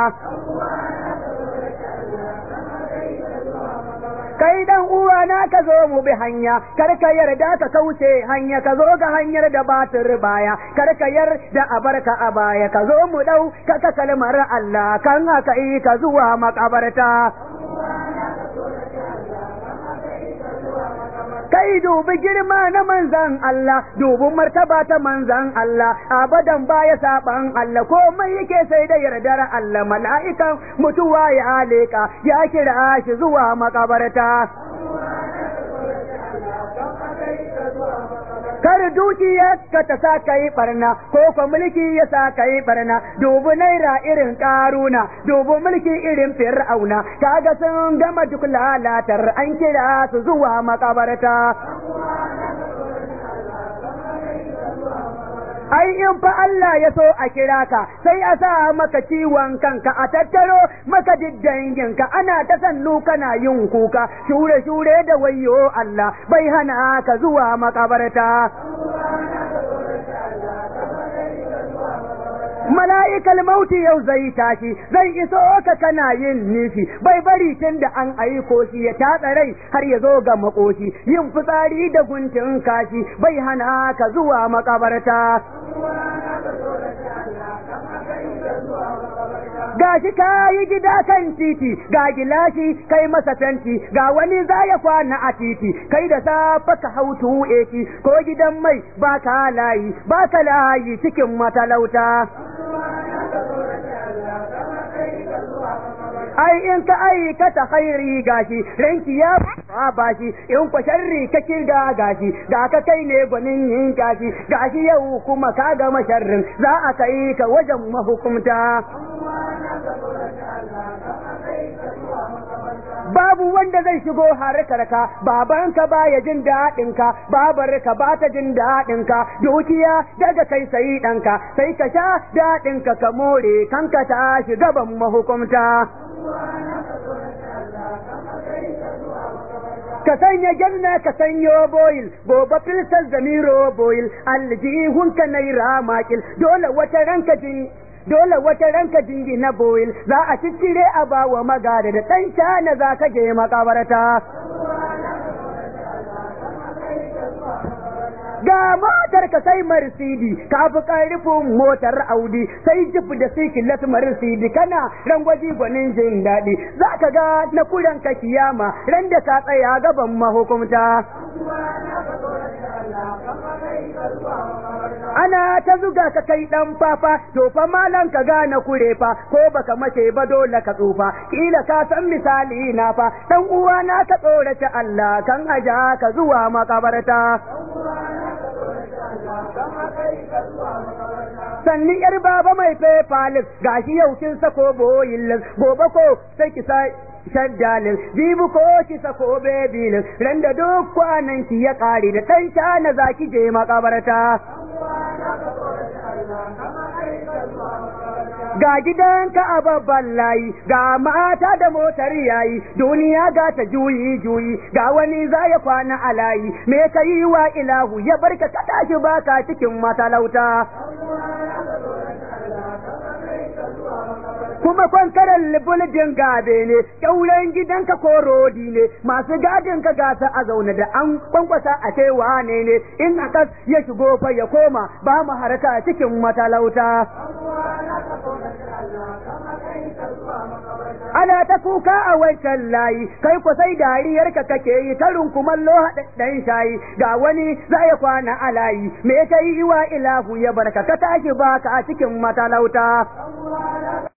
kai dan uwa na ka zo mu bi hanya kar ka yarda ka kauce hanya ka zo ga hanyar da ba ta baya kar ka yarda a barka a baya ka zo mu dau ka kalmar Allah kan haka ka zuwa makabarta kai dubi girma na manzan Allah dubi martaba ta manzan Allah abadan baya saban Allah komai yake sai da yardar Allah mala'ikan mutuwa ya aleka ya kira shi zuwa makabarta kar ka ta sa ka yi barna ko ko mulki ya sa ka yi barna dubu naira irin karuna dubu mulki irin fir'auna kaga sun gama duk lalatar an kira su zuwa makabarta ai in fa Allah ya so a kira ka sai a sa maka ciwon kanka a tattaro maka diddanginka ana ta sannu kana yin kuka shure shure da wayo Allah bai hana ka zuwa makabarta mala'ikal mauti yau zai tashi zai iso ka kana yin nishi bai bari tun da an aiko shi ya tatsa rai har ya zo ga makoshi yin fitsari da guntun kashi bai hana ka zuwa makabarta ga shi ka yi gida kan titi ga gilashi kai masa fenti ga wani za ya kwana a titi kai da safe ka hau eki ko gidan mai ba ka layi ba ka layi cikin matalauta ai in ka aikata khairi gashi ranki ya ba shi in ku sharri ka kirga gashi da ka kai ne gwanin yin gashi gashi yau kuma ka gama masharrin za a kai ka wajen mahukumta babu wanda zai shigo harkarka babanka baya jin daɗinka babarka ba ta jin daɗinka dukiya daga kai sai ɗanka sai ka sha daɗinka ka more kanka ta gaban mahukunta ka sanya janna ka sanyo boil gobe Filtar, zamiro boil aljihunka naira makil dole wata ranka jin dole wata ranka dingi na boil za a ciccire a ba wa magada da ɗan cana za ka je makabarta ga motar ka sai marsidi ka fi karifin motar audi sai jif da sikilas marsidi kana rangwaji gwanin jin daɗi za ka ga na kudanka ka kiyama ran da ka tsaya gaban mahukumta ana ta zuga ka kai ɗan fafa to fa malan ka gane kure fa ko baka mace ba dole ka tsufa kila ka san misali na fa dan uwa na ka tsorata Allah kan aja ka zuwa makabarta sannin yar baba mai fefalin, lif gashi yau kin sako boyin gobe ko sai ki sai shaddalin bibu ko ki sako bebil randa duk kwanan ki ya kare da dan na zaki je makabarta ga gidanka a babban layi ga mata da motar yayi duniya ga ta juyi juyi ga wani za ya kwana a layi me ka yi wa ilahu ya barka ka tashi baka cikin matalauta kuma kwankaran libulidin gabe ne kyauren gidanka ko rodi ne masu gadin ka gasa a zaune da an kwankwasa a ce wane ne in akas ya shigo fa ya koma ba mu haraka cikin matalauta ana ta kuka a wancan layi kai ku sai ka kake yi kuma kumallo haɗaɗɗen shayi ga wani za ya kwana a layi me ta yi iwa ilahu ya barka ka tashi baka a cikin matalauta